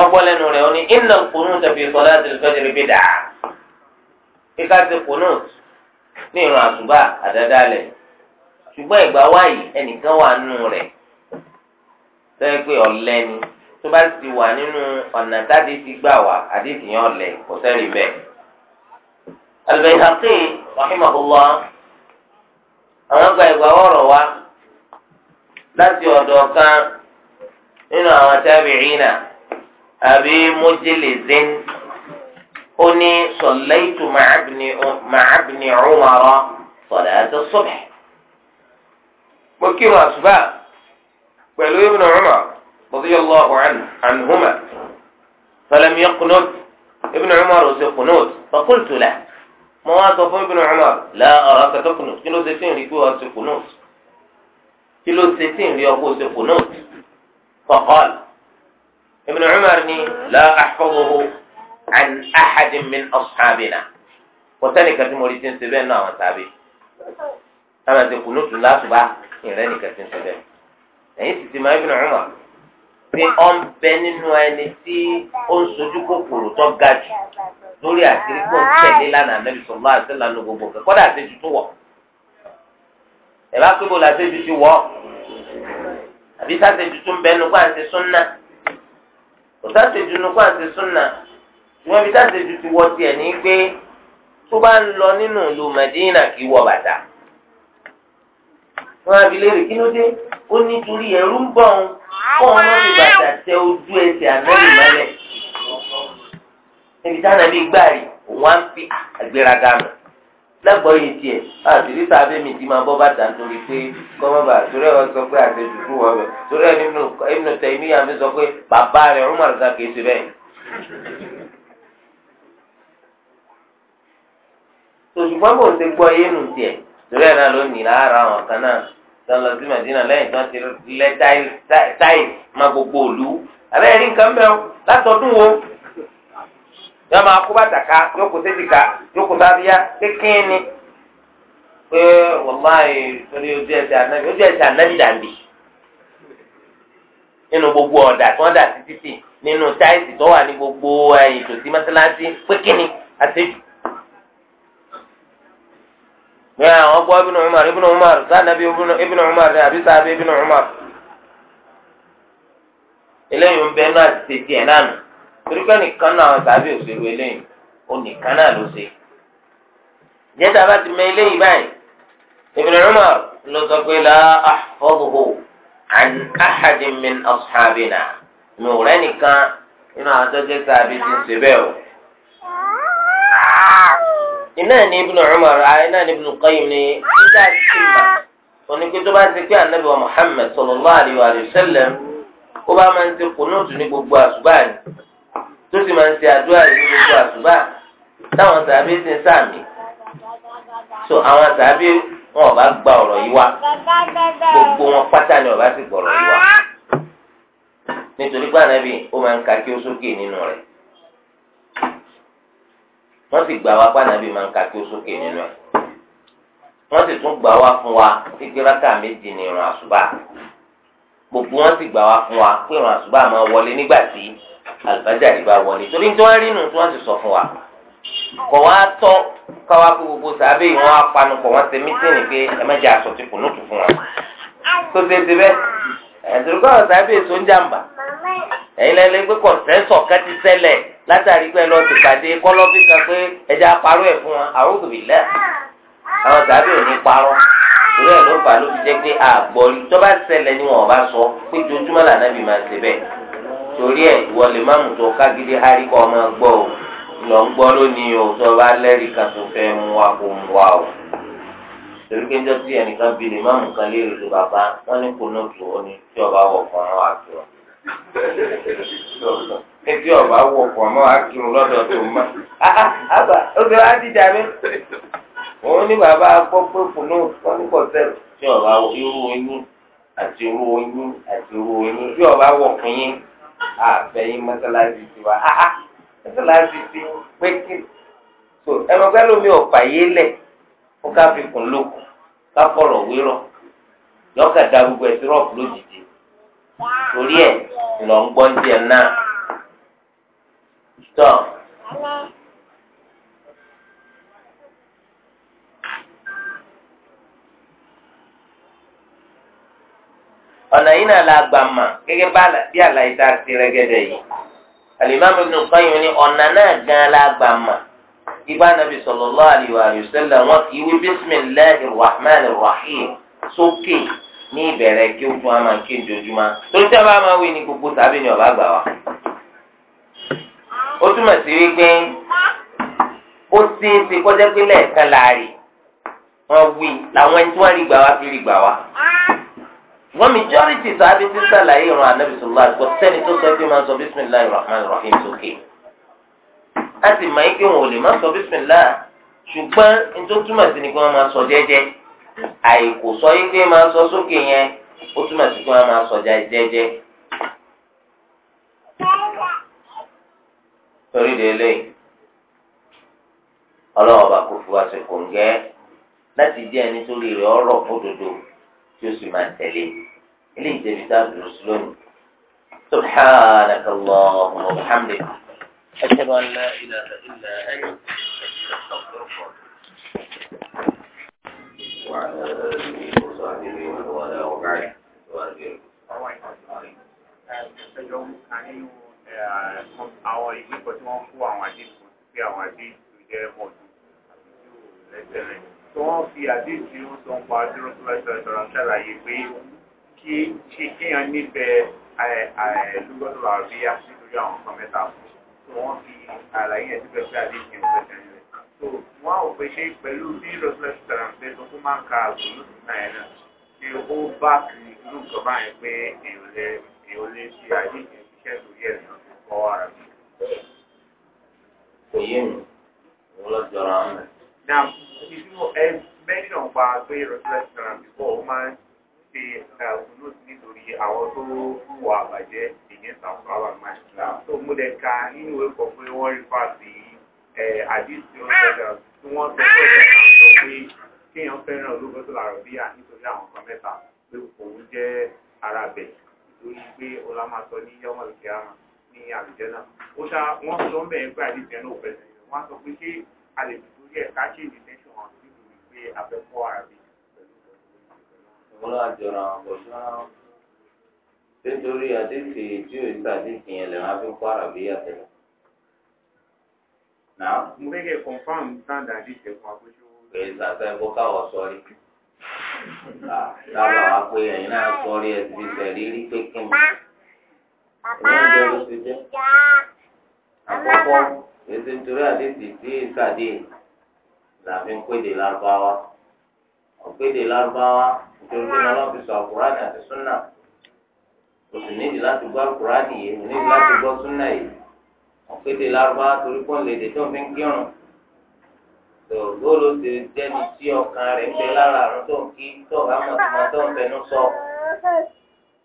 Speaker 1: ọgbọ́n lẹ́nu rẹ̀ ó ní iná kùnú tàbí sọlá tẹlifẹ̀tẹ̀rẹ̀ bí dà kíkà ti kùnú ní ìrun àsùbá àdádálẹ̀ ṣùgbọ́n ìgbà wáyé ẹnìkan wà nínú rẹ̀ sẹ́yìn pé ọ̀lẹ́ ni tó bá ti wà nínú ọ̀nà táde ti gbà wá àdéhùn yẹn ọ̀lẹ́ kò sẹ́rìí bẹ́ẹ̀. Al-Bayhaqi àwọn gba ìgbà wọ̀rọ̀ wa láti ọ̀dọ̀ kan nínú àwọn tabi'ina. أبي مجلز أني صليت مع ابن مع ابن عمر صلاة الصبح وكيما أصبع ولو ابن عمر رضي الله عنه عنهما فلم يقنت ابن عمر سقنوت فقلت له ما أصف ابن عمر لا أراك تقنت كيلو ستين ريكوها سقنوت كيلو ستين ريكوها سقنوت فقال Ibn Umar ni la ahfazuhu an ahadin min ashabina kò sẹ́ni kan tí mo rí ti ń ṣe bẹ́ẹ̀ náà àwọn tàbí táwọn àti kùnúùtù látùbá ìrẹ́ nìkan ti ń ṣe bẹ́ẹ̀ ẹ̀yìn sì ti máa Ibn Umar pé ọ ń bẹ nínú ẹni tí ó ń sojú kòkòrò tó ga jù lórí àṣírí kò ń tẹ̀lé lánàá Nabi sallallahu alaihi wasallam gbogbo kan kọ́dà àṣejù tó wọ̀ ẹ̀ bá pé bó la àṣejù àbí sáṣejù tó ń bẹnu kó à ń kò sáṣejù nípa àti súnà ìwọ́n ibi sáṣejù ti wọ tiẹ̀ ní pé tó bá ń lọ nínú ìlú Mẹdínà kì í wọ bàtà wọn àbí léèrè kí ló dé ó nítorí ẹ̀rù ń bọ̀ ọ́n kó wọn má fi bàtà tẹ ojú ẹsẹ̀ ànábì mọ́lẹ̀ níbi táwọn àbí gbàrí òun á ń fi àgbéraga mọ́ lẹ́gbọ̀ọ́ yìí tiẹ̀ àti títà abẹ́mi ti máa bọ́ bàtà nítorí pé kọ́mọ́bà torí ẹ̀ sọ pé àti dùdú wọ̀ bẹ̀ torí ẹ̀ nínú tẹ̀mí àmì sọ pé bàbá rẹ̀ Umar ká kìí ṣe bẹ́ẹ̀. òṣùpá bò ń ṣe gbọ́ yé nu tiẹ̀ torí ẹ̀ náà ló nì lára àwọn kan náà tán lọ sí Madina lẹ́yìn tán ti lẹ́ táì má gbogbo òlu àbẹ́rẹ́ ní nǹkan bẹ́ẹ̀ látọ̀dún wo. yọ máa kó bàtà yóò kó sẹ́jìká yóò kó sábíyá kékeré ni pé wàláyé torí ojú ẹsẹ̀ ojú ẹsẹ̀ dàbí nínú gbogbo ọ̀dà tí wọ́n dà sí títì nínú táìsì tó wà ní gbogbo ìtòsí mọ́sálásí pé kíni àṣejù. ní àwọn gbọ́ ibùnú umar ibùnú umar sànàbí ibùnú umar àbí sàbí ibùnú umar. eléyìí ń torí pé nìkan náà àwọn tàbí òṣèlú eléyìí ó nìkan náà ló ṣe. jẹ́tà bá ti mọ eléyìí báyìí Ibn Umar ló sọ pé la ahfazuhu an ahadin min ashabina mi ò rẹ́ nìkan nínú àwọn tó jẹ́ tàbí ti ń ṣe bẹ́ẹ̀ o. iná ní Ibn Umar iná ní Ibn Qayyim ní nígbà tí kì bá ti pé anabi wa Muhammad sallallahu alayhi ó bá máa ń ti kùnú òtún ní gbogbo àṣùgbà ni tó sì máa ń ṣe àdúrà yìí ní gbogbo àsùbà táwọn sàbí ti ń sàmì so àwọn sàbí wọn ò bá gba ọ̀rọ̀ yìí wá gbogbo wọn pátá ni ò bá sì gbọ̀rọ̀ yìí wá nítorí pé ànábì ó máa ń ka kí ó sókè nínú rẹ̀ wọ́n sì gbà wá pé ànábì máa ń ka kí ó sókè nínú rẹ̀ wọ́n sì tún gbà wá fún wa kíkíráká méjì ní irun àsùbà gbogbo wọn sì gbà wá fún wa pé wọn àṣùbà máa wọlé nígbà tí àlùbájá yìí bá wọlé torí tí wọn rí nù tí wọn sì sọ fún wa kọ wọn á tọ káwá pé gbogbo sàbẹ yìí wọn á panu pọ̀ wọn ṣe mítìnì pé ẹ má jẹ aṣọ tí kò nótù fún wa tó ṣe ti bẹ ẹtùrú kọ́ sàbẹ èso ń jàǹbá ẹ̀yin lẹ́lẹ́ pé kọ̀ǹsẹ́sọ̀ kan ti ṣẹlẹ̀ látàrí pé lọ́ọ́ ti pàdé kọ́lọ́bì kan pé ẹja parọ́ ẹ̀ fún wa àrùn kò bì lẹ́ àwọn sàbẹ ò ní parọ́ ìwé ẹ̀ ló fà ló fi jẹ́ pé àgbọ̀rí tó bá ṣẹlẹ̀ ni wọn bá sọ pé jojúmọ́ lànàbì máa ṣe bẹ́ẹ̀ torí ẹ̀ wọ́n lè má mú tó kágídé hárí kọ́ ọmọ gbọ́ o lọ ń gbọ́ lónìí o tó bá lẹ́rìí kan tó fẹ́ mú wa kó mú wa o torí pé ń jọ́ sí ẹnìkan bíi lè má mú kan léèrè tó bàbá wọn ní kó náà tó o ní tí ọba wọ̀ fún ọ àti ọ etí ọba wọ̀ fún ọ àti ọ lọ́dọ̀ tó má òun ní bàbá gbọ́ pé kùnú wọn ní kọ̀tẹ́lì tí ọba irú oyún àti irú oyún àti irú oyún tí ọba wọ̀ fún yín àfẹ́yìn mọ́sálásí ti wá háhá mọ́sálásí ti pékè tó ẹnu pẹ́ lómi ọ̀pá yé lẹ̀ kó ká fi kùn lókun ká fọ̀rọ̀ wérọ̀ lọ́kà da gbogbo ẹ̀ sí rọ́ọ̀pù lójijì torí ẹ̀ lọ́ ń gbọ́ díẹ̀ náà tán. ọ̀nà yìí náà la gbà mà gẹ́gẹ́ bí àlàyé tá a ti rẹ́gẹ́dẹ́ yìí alimami ibn Qayyim ni ọ̀nà náà gan la gbà mà ibà nàbì sallallahu alayhi wa sallam wọn kì í wí bismillahir rahmanir rahim sókè ní ìbẹ̀rẹ̀ kí ó fún wa máa kí n jojúmọ́ torí tí máa wí ní gbogbo tàbí ni ọba gbà wá. ó túmọ̀ sí wípé ó ti ń ti kọjá pé lẹ́ẹ̀kan láàrin wọn wí làwọn ẹni tí wọ́n rí gbà wá fi rí gbà wá. wọn majority sábẹ ti sàlàyé ìran anabi sọlá àgbọ sẹni tó sọ pé máa sọ bisimilahi rahman rahim sókè a sì máa ń pé wọn ò lè má sọ bisimilahi ṣùgbọ́n nítorí túmọ̀ sí ni pé wọ́n máa sọ jẹ́jẹ́ àìkò sọ yín pé máa sọ sókè yẹn ó túmọ̀ sí pé wọ́n máa sọ jẹ́jẹ́. torí de ọlọ́wọ́ bá kó fún wa kò ń gẹ́ láti ẹni tó lè tí ó sì máa tẹ̀lé ilé ìjẹbi tá a dúró sí lónìí. سبحانك اللهم وبحمدك أشهد أن لا إله إلا أنت أستغفرك وعلى آله وصحبه ومن والاه وبعد
Speaker 2: àwọn ìdíkọ̀ tí wọ́n fún àwọn àdínkù sí àwọn àdínkù jẹ́ mọ̀ọ́dún àti tí ò lẹ́sẹ̀ rẹ̀. tí wọ́n fi àdéhùn ó tó ń pa dúró tó láti ọ̀dọ̀ ṣàlàyé pé kí ṣe kéèyàn nífẹ̀ẹ́ lúgọ́dọ̀ àríyá nítorí àwọn nǹkan mẹ́ta tí wọ́n fi àlàyé ẹ̀ síbẹ̀ pé àdéhùn ó fẹsẹ̀ rẹ̀. tó wọ́n ò pèsè pẹ̀lú bí rọ́sílẹ̀sì tàràǹfẹ́ tó kó máa ń ka àgbòlù náà náà tí ó bá kiri irú nǹkan báyìí pé èèyàn lè fi àdéhùn ṣiṣẹ́ lórí ẹ̀ kọ́ ara mi. kò yé mi òun lọ jọra ọmọ ẹ̀. Now, if you ẹ mẹ́rin ọ̀gbà pé rọ́sílẹ̀ sara bíkọ́ ó máa ń ṣe ẹ̀kúnnú eh, nítorí àwọn tó wọ àbàjẹ́ against our power match plan. So mo dẹ̀ ka nínú ìwé kan pé wọ́n rí fáàsì àdìsí ọ̀sẹ̀dà tí to sọ pé ẹ̀ka sọ pé eh, kéèyàn fẹ́ràn olóbọ́sọ̀ làrọ̀ bíyà nítorí àwọn kan mẹ́ta pé òun jẹ́ ara Arabic, lórí pé ọlá máa sọ ní yọmọlùkẹ́ àmà ní àlùjẹ́ náà. Ó ṣá wọ́n sọ ń bẹ̀rẹ̀ pé àdìsí ẹ̀ náà ò díẹ̀ ká ṣe ìdílẹ́sùn wọn nínú wípé abẹ́kọ́ arabic pẹ̀lú
Speaker 1: ìwọlọ́ àjọrọ̀ àbọ̀ṣọ́
Speaker 2: nítorí àdéhùn
Speaker 1: tí ò ń ta àdéhùn yẹn lẹ́nu abẹ́kọ́ arabic yàtọ̀ náà. mo fẹ́
Speaker 2: kẹ́ confam sáńdà àdéhùn ẹ̀kọ́ àbójú.
Speaker 1: pé sàfẹ́ kó káwọ̀ sọrí sábà ah, wá pé ẹ̀yin náà sọrí ẹ̀ ti tẹ̀lé rí pé kí n. ìrìnàjò ló ti jẹ́ àkọ́kọ́ ètò ìtòrí làbí ń pèdè lárúbáwá ọ̀pèdè lárúbáwá nítorí pé ọlọ́run fi sọ àkùránì àti súnà o sì nídìí láti gbọ́ àkùránì yìí o nídìí láti gbọ́ súnà yìí ọ̀pèdè lárúbáwá torí pọ́n lè dé tó ń fi ń kírun tó bóòlù ti jẹ́ni tí ọkàn rẹ̀ ń bẹ lára àrùn tó ń kí tó bá mọ̀ tó máa tó ń fẹnu sọ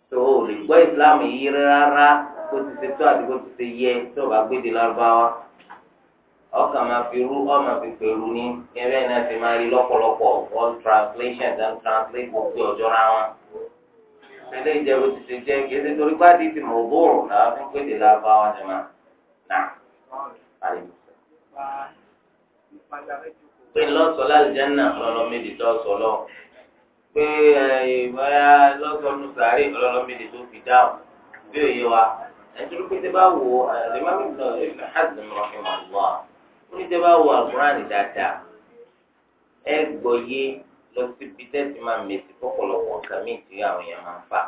Speaker 1: tó o lè gbọ́ ìsìlámù yìí rárá bó ti ṣe tó àti bó ti ṣe yẹ tó bá gbé ọkàn máa fi rú ọ máa fi pèrú ní ẹgbẹ́ náà ti máa rí lọ́pọ̀lọpọ̀ all translations and translate gbogbo ọjọ́ ra wọn. Ṣẹlẹ̀ ìjẹ́bù ti ṣe jẹ́ kí ẹsẹ̀ torí pàdé ti mọ̀ bóòrò làwọn fi ń pèdè lábá wọn jẹ máa nà. Pé lọ́sọ̀ọ́ lálùjáná ọlọ́lọ́ méjì tó sọ lọ. Pé ìbáyá lọ́sọ̀ọ́ nù sàárè ọlọ́lọ́ méjì tó fi dáhùn bí òye wa. Ẹ̀jú ló pété bá wo àlè má oníṣẹ́ bá wo àkùránì dáadáa ẹ gbọ́ yé lọ síbi tẹ́sí máa mèsì fọ́pọ̀lọpọ̀ nǹkan míì tí àwọn èèyàn máa ń fà.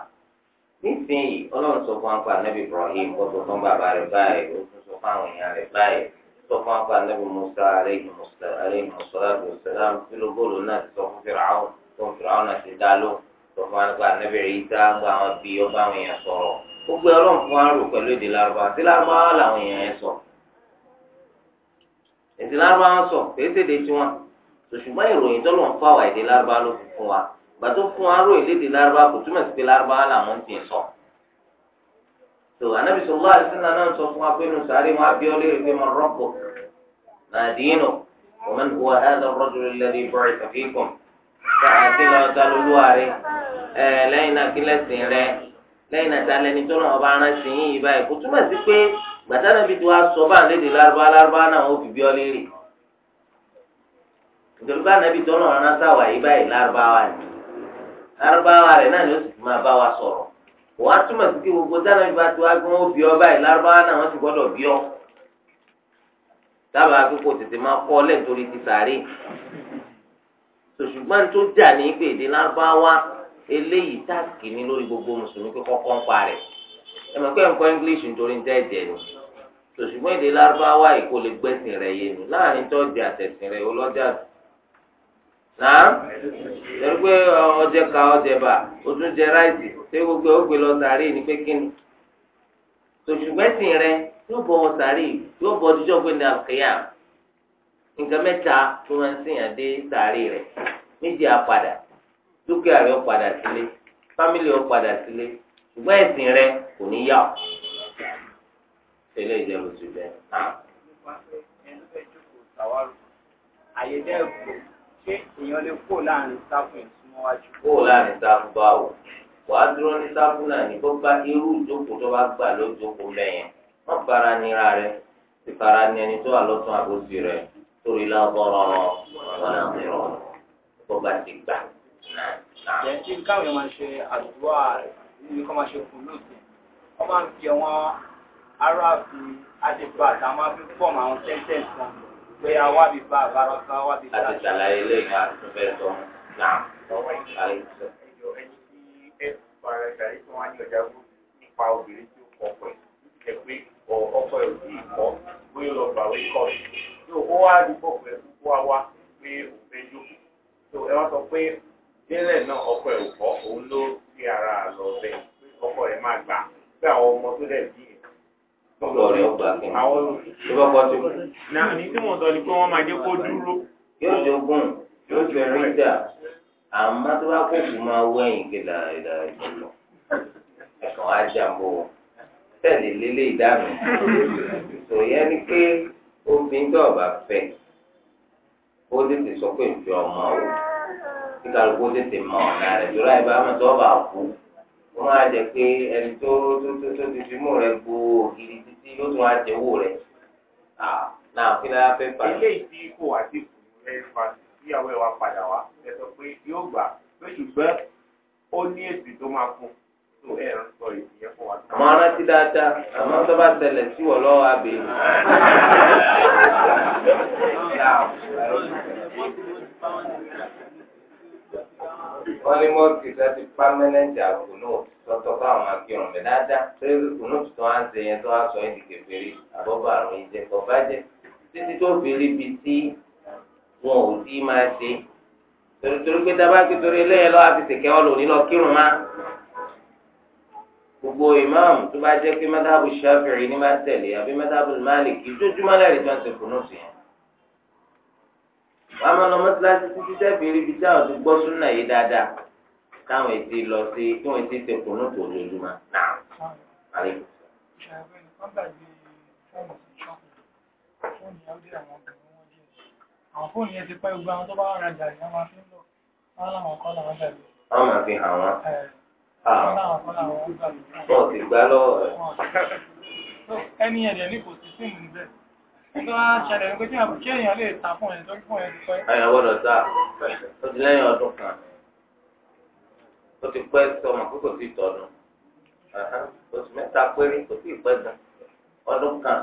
Speaker 1: nísìnyí ọlọ́run sọ fún akọ anábì Ibrahim kó sọ fún bàbá rẹ̀ báyìí ó tún sọ fún àwọn èèyàn rẹ̀ báyìí sọ fún akọ anábì Musa aleyhi musalatu wasalam tí ló bóòlù náà ti sọ fún Firaun tó ń Firaun náà ti dá ló sọ fún akọ anábì Isa gba àwọn bí ọba àwọn èèyàn sọ̀rọ̀ gbogbo ọlọ́run fún wa rò èdè Lárúbáwá sí Lárúbáwá làwọn èèyàn yẹn sọ̀rọ̀ èdè lárúbá wọn sọ kò ése de tiwọn ṣùgbọ́n ìròyìn tó lọ ń fa wà èdè lárúbá ló fi fún wa gbà tó fún wa ró ìlédè lárúbá kò túmọ̀ sí pé lárúbá làwọn ti sọ. tó anábì sọlá àdìsínà náà sọ fún wa pé nù sáré wọn á ọ léèrè pé mo rọ́pò nàdínù ومن هو هذا الرجل الذي بعث فيكم fàáfi lọ dalolúwa rẹ ẹ lẹ́yìn náà kílẹsìn rẹ lẹ́yìn náà ta lẹni tó náà ọba aránsìn yìí báyìí kò túmọ̀ sí pé gbàtàrà bíi tí wàá sọ bá ń léde lárúbá lárúbá náà ó fi bí ọ léèrè nítorí bá nàbí tọ́nà ọ̀rọ̀ náà sáwà yí báyìí lárúbáwá ni lárúbáwá rẹ̀ náà ni ó sì ti máa bá wa sọ̀rọ̀ wàá túmọ̀ sí pé gbogbo dáná bíi bá ti wá gbọ́n ó bí ọ báyìí lárúbáwá náà wọ́n ti gbọ́dọ̀ bí ọ dábàá pé tètè máa kọ́ lẹ̀ nítorí ti sàárè ṣùgbọ́n tó jà ní pé ẹ̀mọ̀ pé nǹkan english nítorí tẹ́ jẹ ni ṣùgbọ́n èdè lárúbáwá ìkó lè gbẹ́sìn rẹ̀ yé ni láàrin tọ́jú àtẹ̀sìn rẹ̀ ọlọ́jà náà pé ọjẹ́ ka ọjẹ́ bá o tún jẹ ráìsì ṣé gbogbo ó gbé lọ sàárè ní pé kíni ṣòṣùgbẹ́sìn rẹ yóò bọ̀ ọ sàárè yóò bọ̀ ọdúnjọ́ pé ní àkẹyà nǹkan mẹ́ta tó máa ń sìn àdé sàárè rẹ̀ méjì dúkìá sílé kò ní yà ọ́ tẹ́lẹ̀ ìjẹ́ oṣù bẹ́ẹ̀. àyè dẹ́ẹ̀kọ́ ṣé èèyàn lè kó láàrin sáfù ìsúnmọ́wájú. kó láàrin sáfù bá wò wàá dúró ní sáfù náà ní kó bá irú ìjókòó tó bá gbà lójókòó mẹ́yìn wọ́n fara nira rẹ̀ ti fara ní ẹni tó wà lọ́tún àbòsí rẹ̀ torí lábọ́rọ̀ wọn àmìrọ̀ kó bá ti gbà. Jẹ́ kí káwọn èèyàn máa ṣe àdúrà rẹ̀ níbi kó máa ṣe kùnú sí wọ́n máa ń fi
Speaker 2: àwọn ará fi àdìgbà àtàwọn máa fi fọ́ọ̀mù àwọn sẹ́ńtẹ̀ǹsì kan pé àwa
Speaker 1: bí bá àbárọ̀ kan wá bí bá. àti ṣàlàyé lẹ́yìn àtúnfẹ́ sọ náà ṣàlàyé sọ. ẹjọ
Speaker 2: ẹni tí ẹ fara ṣàlàyé tí wọn á ní ọjà fún nípa obìnrin tí ó kọ ọkọ ẹ pé ọkọ ẹ ò tí ì kọ bóyá lọ gbàwé náà ọkọ ẹ̀ ò kọ́ òun ló fi ara lọ bẹ́ẹ̀ ọkọ ẹ̀ máa gbà pé àwọn ọmọ tó dẹ̀ bí ẹ̀.
Speaker 1: ọlọ rẹ ọgbà kìnnìkan àwọn olùkọ́ tó kù. ní tí mo sọ ni pé wọ́n máa jẹ́ kó dúró. yóò jogún yóò jẹ rídà àmọ́ tó bá kó kù máa wẹ̀yìn kìlà ìlà ìlọ ẹ̀kan á jàmbó tẹ̀lé lélẹ̀ ìdáná tò yẹ ni pé obìnrin tó ọba fẹ́ ó tètè sọ pé ìfẹ́ ọmọ o
Speaker 2: kí kálukú tètè mọ ọ̀nà rẹ̀ jùlọ ìbámu tó ọba kú
Speaker 1: wọ́n á jẹ pé ẹni tó tó tó tó ti fi mú rẹ gbó ògiri títí yóò tún á jẹ owó rẹ náà kí ló fẹ́ fà. ilé ìdí
Speaker 2: ipò àti ìfòyín rẹ fà síyàwó ẹ wá padà wá ẹ sọ pé yóò gbà pé ṣùgbọ́n ó ní èsì tó máa fún tó ẹ ń sọ ìdíyẹ fún wa. àmọ́ arántí dáadáa
Speaker 1: àmọ́ tó bá tẹlẹ̀ sí wọ̀ lọ́wọ́ abẹ́. Thank you wọ́n ní mọ́ọ̀kì tó ti pámẹ́nẹ́ǹtì àkùnú lọ́tọ̀ bá àwọn akírun mi dáadáa lórí ìkùnú tó wá ń ṣe yẹn tó wá sọ yìí dìgbè fèrè àbọ̀bọ̀ àrùn ìjẹ̀kọ̀ bàjẹ́ títí tó fi rí ibi tí wọn ò tí máa ṣe torítorí pé tá a bá ti torí eléyẹn lọ́wọ́ àti tẹ̀kẹ́ wọn lò nílọ kírun má. gbogbo imam tó bá jẹ́ pé mẹ́tàbù Shafi'i ní má tẹ̀lé àbí mẹ́tàbù Malik ìjójúmọ́ lẹ́rìí tó ń wàá máa lọ mọ́tíláṣí títí sẹ́ẹ̀fì rí ibi tí àwọn ti gbọ́ súnà yìí dáadáa táwọn ètí lọ sí kí wọ́n ti ṣe kùnú tó lójúmọ́ náà.
Speaker 2: àwọn fóònù yẹn ti pẹ́ gbogbo àwọn tó bá ń rajà yẹn máa fi ń lò wọ́n láwọn kọ́ làwọn gbà lò. wọ́n máa fi hàn wọ́n. wọ́n láwọn kọ́ làwọn gbà lò. wọ́n ti gbá lọ́wọ́ rẹ̀. ẹni ẹ̀dẹ̀ ní kò sí síìmù níbẹ̀. Ẹ̀yàn gbọ́dọ̀ ta, ó ti lẹ́yìn ọdún
Speaker 1: kan, ó ti pẹ́ sọmọ kókò sí ìtọ́dún, oṣù mẹ́ta péré kò sí ìpẹ́ gan, ọdún kan,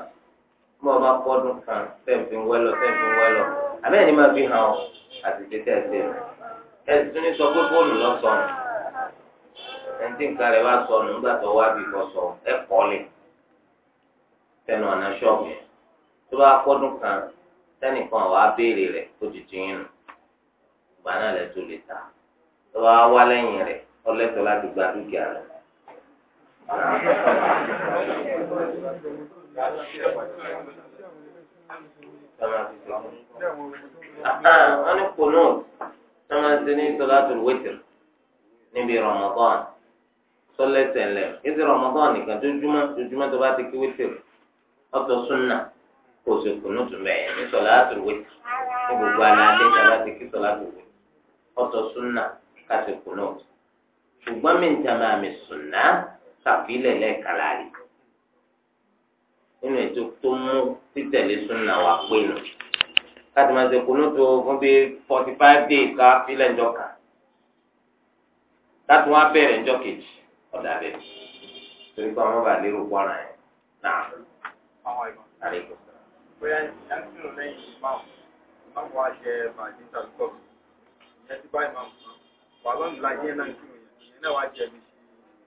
Speaker 1: mọ̀ máa kọ́ ọdún kan, fẹ́ǹfì ń wẹ́lọ, fẹ́ǹfì ń wẹ́lọ, àbẹ́ẹ̀ni máa fi hàn ọ́ àti tètè ẹ̀sẹ̀ rẹ̀. Ẹ̀sìn tún ní sọ pé bóòlù lọ sọnù, ẹni tí nǹkan rẹ̀ bá sọnù nígbà tó wá bí kò sọ, ẹ̀kọ́ lè tẹnu ọ̀nà ṣọ́ọ̀bù yẹn tó bá kọ́dún kan sẹ́nìkan wàá béèrè rẹ̀ kó tutù yín nù ìgbà náà lẹ tó lè ta tó bá wá lẹ́yìn rẹ̀ ọlẹ́tọ̀ láti gba dúkìá rẹ̀.
Speaker 2: Ah, wọ́n ní kùnú
Speaker 1: tó máa ń ṣe ní sọlá tó wẹ́tìrì níbi Ramadan sọlẹ́sẹ̀ lẹ̀ kí ti Ramadan nìkan tó júmọ́ tó júmọ́ tó bá ti kí wẹ́tìrì ọ̀tọ̀ súnà kó o ṣe kùnú tún bẹ́ẹ̀ ní sọ̀lá tó wé ní gbogbo alalẹ́ ìjọba ti kí sọ̀lá tó wé ọ̀tọ̀ súnà ká ṣe kùnú ṣùgbọ́n mi ń ta máa mi súnà kàfílẹ̀ lẹ́ẹ̀kálá rí nínú ètò tó mú títẹ̀lé súnà wà pé nù láti máa ṣe kùnú tó fún bíi forty five days ká fílẹ̀ ńjọ kan láti wá bẹ̀rẹ̀ ńjọ kejì ọ̀dà bẹ̀rẹ̀ torí pé àwọn bàbá lérò pọ́nrán náà. Àwọn
Speaker 2: bóyá ìyánsìn lẹ́yìn ìmáàmù ìmáàmù wa jẹ bàjẹ́ tàbíkọ̀ ìyẹn ti bá ìmáàmù kan wà lọ́nà láyé
Speaker 1: náà kírun ìyẹn náà wá jẹ mi.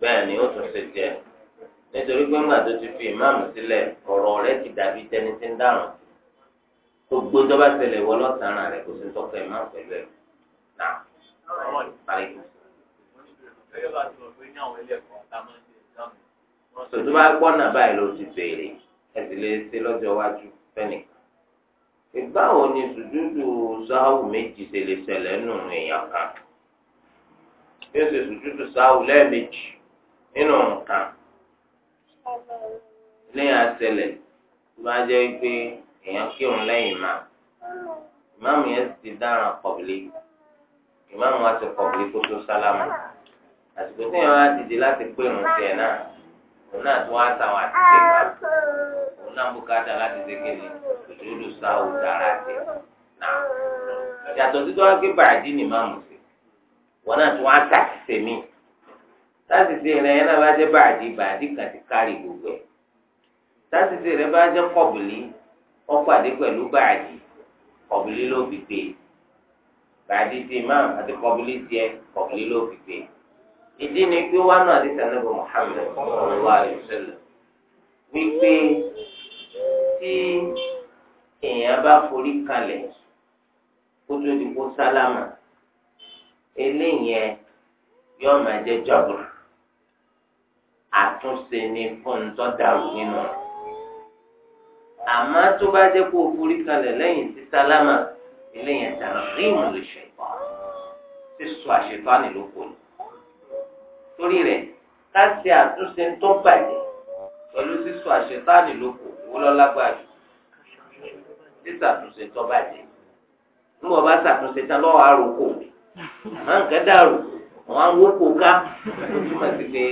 Speaker 1: bẹ́ẹ̀ ni ó tún ṣe jẹ nítorí pé màá tó ti fi ìmáàmù sílẹ̀ ọ̀rọ̀ rẹ̀ ti dàbí tẹni tí ń dárùn gbogbo tó bá wọ lọ́sàn-án rẹ̀ kò sí tọ́kọ ìmáàmù pẹ̀lú ẹ̀ náà parí kù. tòtú bá gbọ́nà báyìí ló ti béèrè ẹ̀ sì lè ṣe lọ́jọ́ iwájú fẹ́nìkan ìgbàwo ni sùdúdù sáwù méjì ṣe lè ṣẹlẹ̀ nù èèyàn kan yóò ṣe sùdúdù sáwù lẹ́ẹ̀mejì nínú nǹkan lẹ́yìn àṣẹlẹ̀ tó bá jẹ́ pé èèyàn kírun lẹ́yìn máa ìmáàmù yẹn ti dára kọ̀bìlì ìmáàmù wa ti kọ̀bìlì kó tó sálámù àsìkò tí èèyàn á dìde láti pé irun náà òun náà tó wá sáwọn àtìké kan òun náà bùkátà láti ṣèkéde òṣèlú sáwù dára sí náà yàtọ̀ sí tó wá ké bàdí ni máa mú sí wọn náà tó wá sàṣìṣe mí sàṣìṣe rẹ yẹn náà bá jẹ bàdí bàdí kan ti kárí gbogbo ẹ sàṣìṣe rẹ bá jẹ kọbùlì ọpàdé pẹ̀lú bàdí kọbùlì ló fi gbé bàdí ti máa àti kọbùlì tiẹ kọbùlì ló fi gbé ìdí ni pé wọn náà ti tẹ̀lé bọ̀ Muhammad sallallahu alaihi wasallam wípé tí èèyàn bá forí kalẹ̀ kó tó di kó sálámà eléyẹn yóò máa jẹ́ jọ̀bù àtúnṣe ni fún tó dàrú nínú rẹ̀ àmọ́ tó bá jẹ́ kó forí kalẹ̀ lẹ́yìn sí sálámà eléyẹn dàrú rímù lè ṣe ìpọ́n sísọ àṣetánì torí rẹ̀ ká ṣe àtúnṣe tó bàjẹ́ pẹ̀lú sísọ àṣetánì lóko owó lọ́lágbàdo sísàtúnṣe tó bàjẹ́ nígbà bá ṣàtúnṣe tán lọ́wọ́ àròkò àmọ́ nǹkan dàrú wọn á wó kó ká ó túmọ̀ sí pé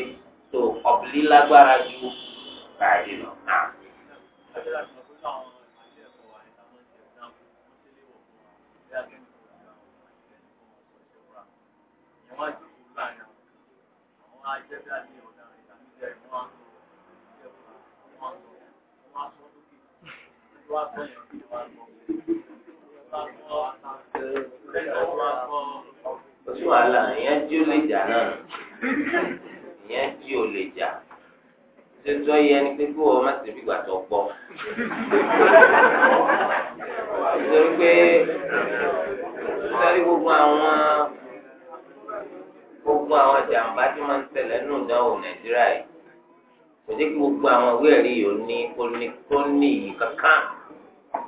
Speaker 1: tó ọ̀bìlí lágbára ju bàjẹ́ lọ
Speaker 2: oṣù wàhálà ìyẹn jí ó lè
Speaker 1: jà náà ìyẹn jí ó lè jà tètè yẹ ni pé kó o má ti fi gbàtọ̀ gbọ́
Speaker 2: nítorí pé sẹ́rí gbogbo àwọn
Speaker 1: gbogbo àwọn jàǹbá tí máa ń tẹ̀lé nù ìdánwò nàìjíríà yìí kò jẹ́ kí gbogbo àwọn ìwé ẹ̀rí yìí ó ní kó ní iyì kankan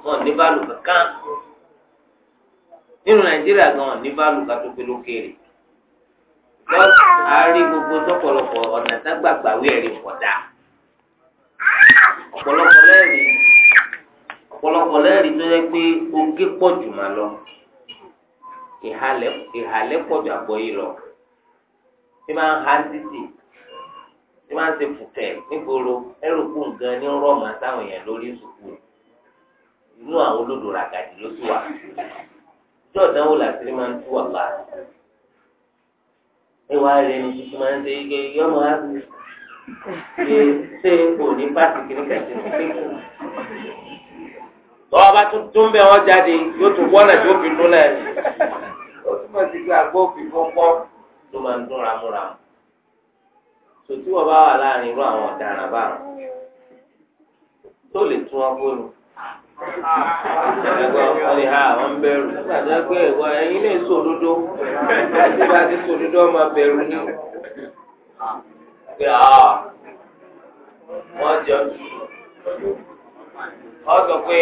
Speaker 1: wọn ní báàlù kankan nínú nàìjíríà gan wọn ní báàlù kátó pé lókèrè wọn á rí gbogbo tọpọlọpọ ọ̀nà tágbàgbà wíẹ̀rí pọ̀dà ọ̀pọ̀lọpọ̀ lẹ́rìí ọ̀pọ̀lọpọ̀ lẹ́rìí tó yẹ pé ogé pọ̀ jù mà lọ ìhàlẹ́ pọ̀ jù àgbọ̀ yìí lọ tí máa ń ha títì tí máa ń ṣe fùtẹ̀ nígboro ẹrù kù gan ní rọ́ọ̀mù àtàwọn èèyàn lórí sùkúrù irú àwọn olódò ràgàdì ló tù wá tí ọ̀dánwò làtìrí máa ń tù wá bá ẹ wá rẹ ní títí máa ń ṣe ike yọmọ á ṣe ṣe kò ní pàṣẹ kìnnìkan ṣe ṣe kò tọ́wọ́ bá tún tún bẹ́ẹ̀ wọ́n jáde yóò tún wọ́nà tí ó fi dún náà ni. ó túmọ̀ sí pé àgbo fi fún pọ́ ló máa ń dún ramúramù. sòtí wọ́n bá wà láàrin irú àwọn ọ̀daràn báwọn tó lè tún wọn bónú.
Speaker 2: ẹgbẹ́ ọ̀nì ha àwọn ń bẹ̀rù pé ìwọ ẹ̀yin lè sọ òdodo láti bá ti sọ òdodo ọmọ
Speaker 1: bẹ̀rù ni pé wọ́n jọ ọ sọ pé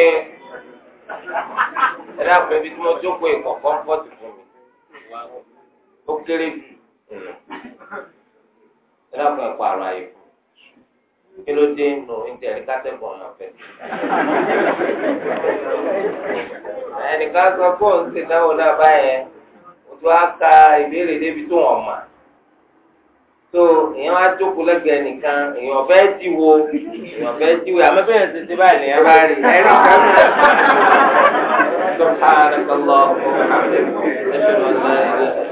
Speaker 2: ibi tí mo jókòó
Speaker 1: fún mi ó kéré jù kí ló dé nù oúnjẹ rí kátẹ́gùn ọ̀nà fẹ́. ẹnìkan sọ pé òun ṣe dáwọ́ náà báyẹn o tún á ka ìbéèrè débi tó wọ̀n mà. tó èèyàn á jókòó lẹ́gbẹ̀ẹ́ nìkan èèyàn fẹ́ jíwo èèyàn fẹ́ jíwo àmọ́ bẹ́ẹ̀ ṣe ti báyìí lèèyàn bá rí ẹ̀rí kan náà. سبحانك اللهم وبحمدك اشهد ان لا اله الا انت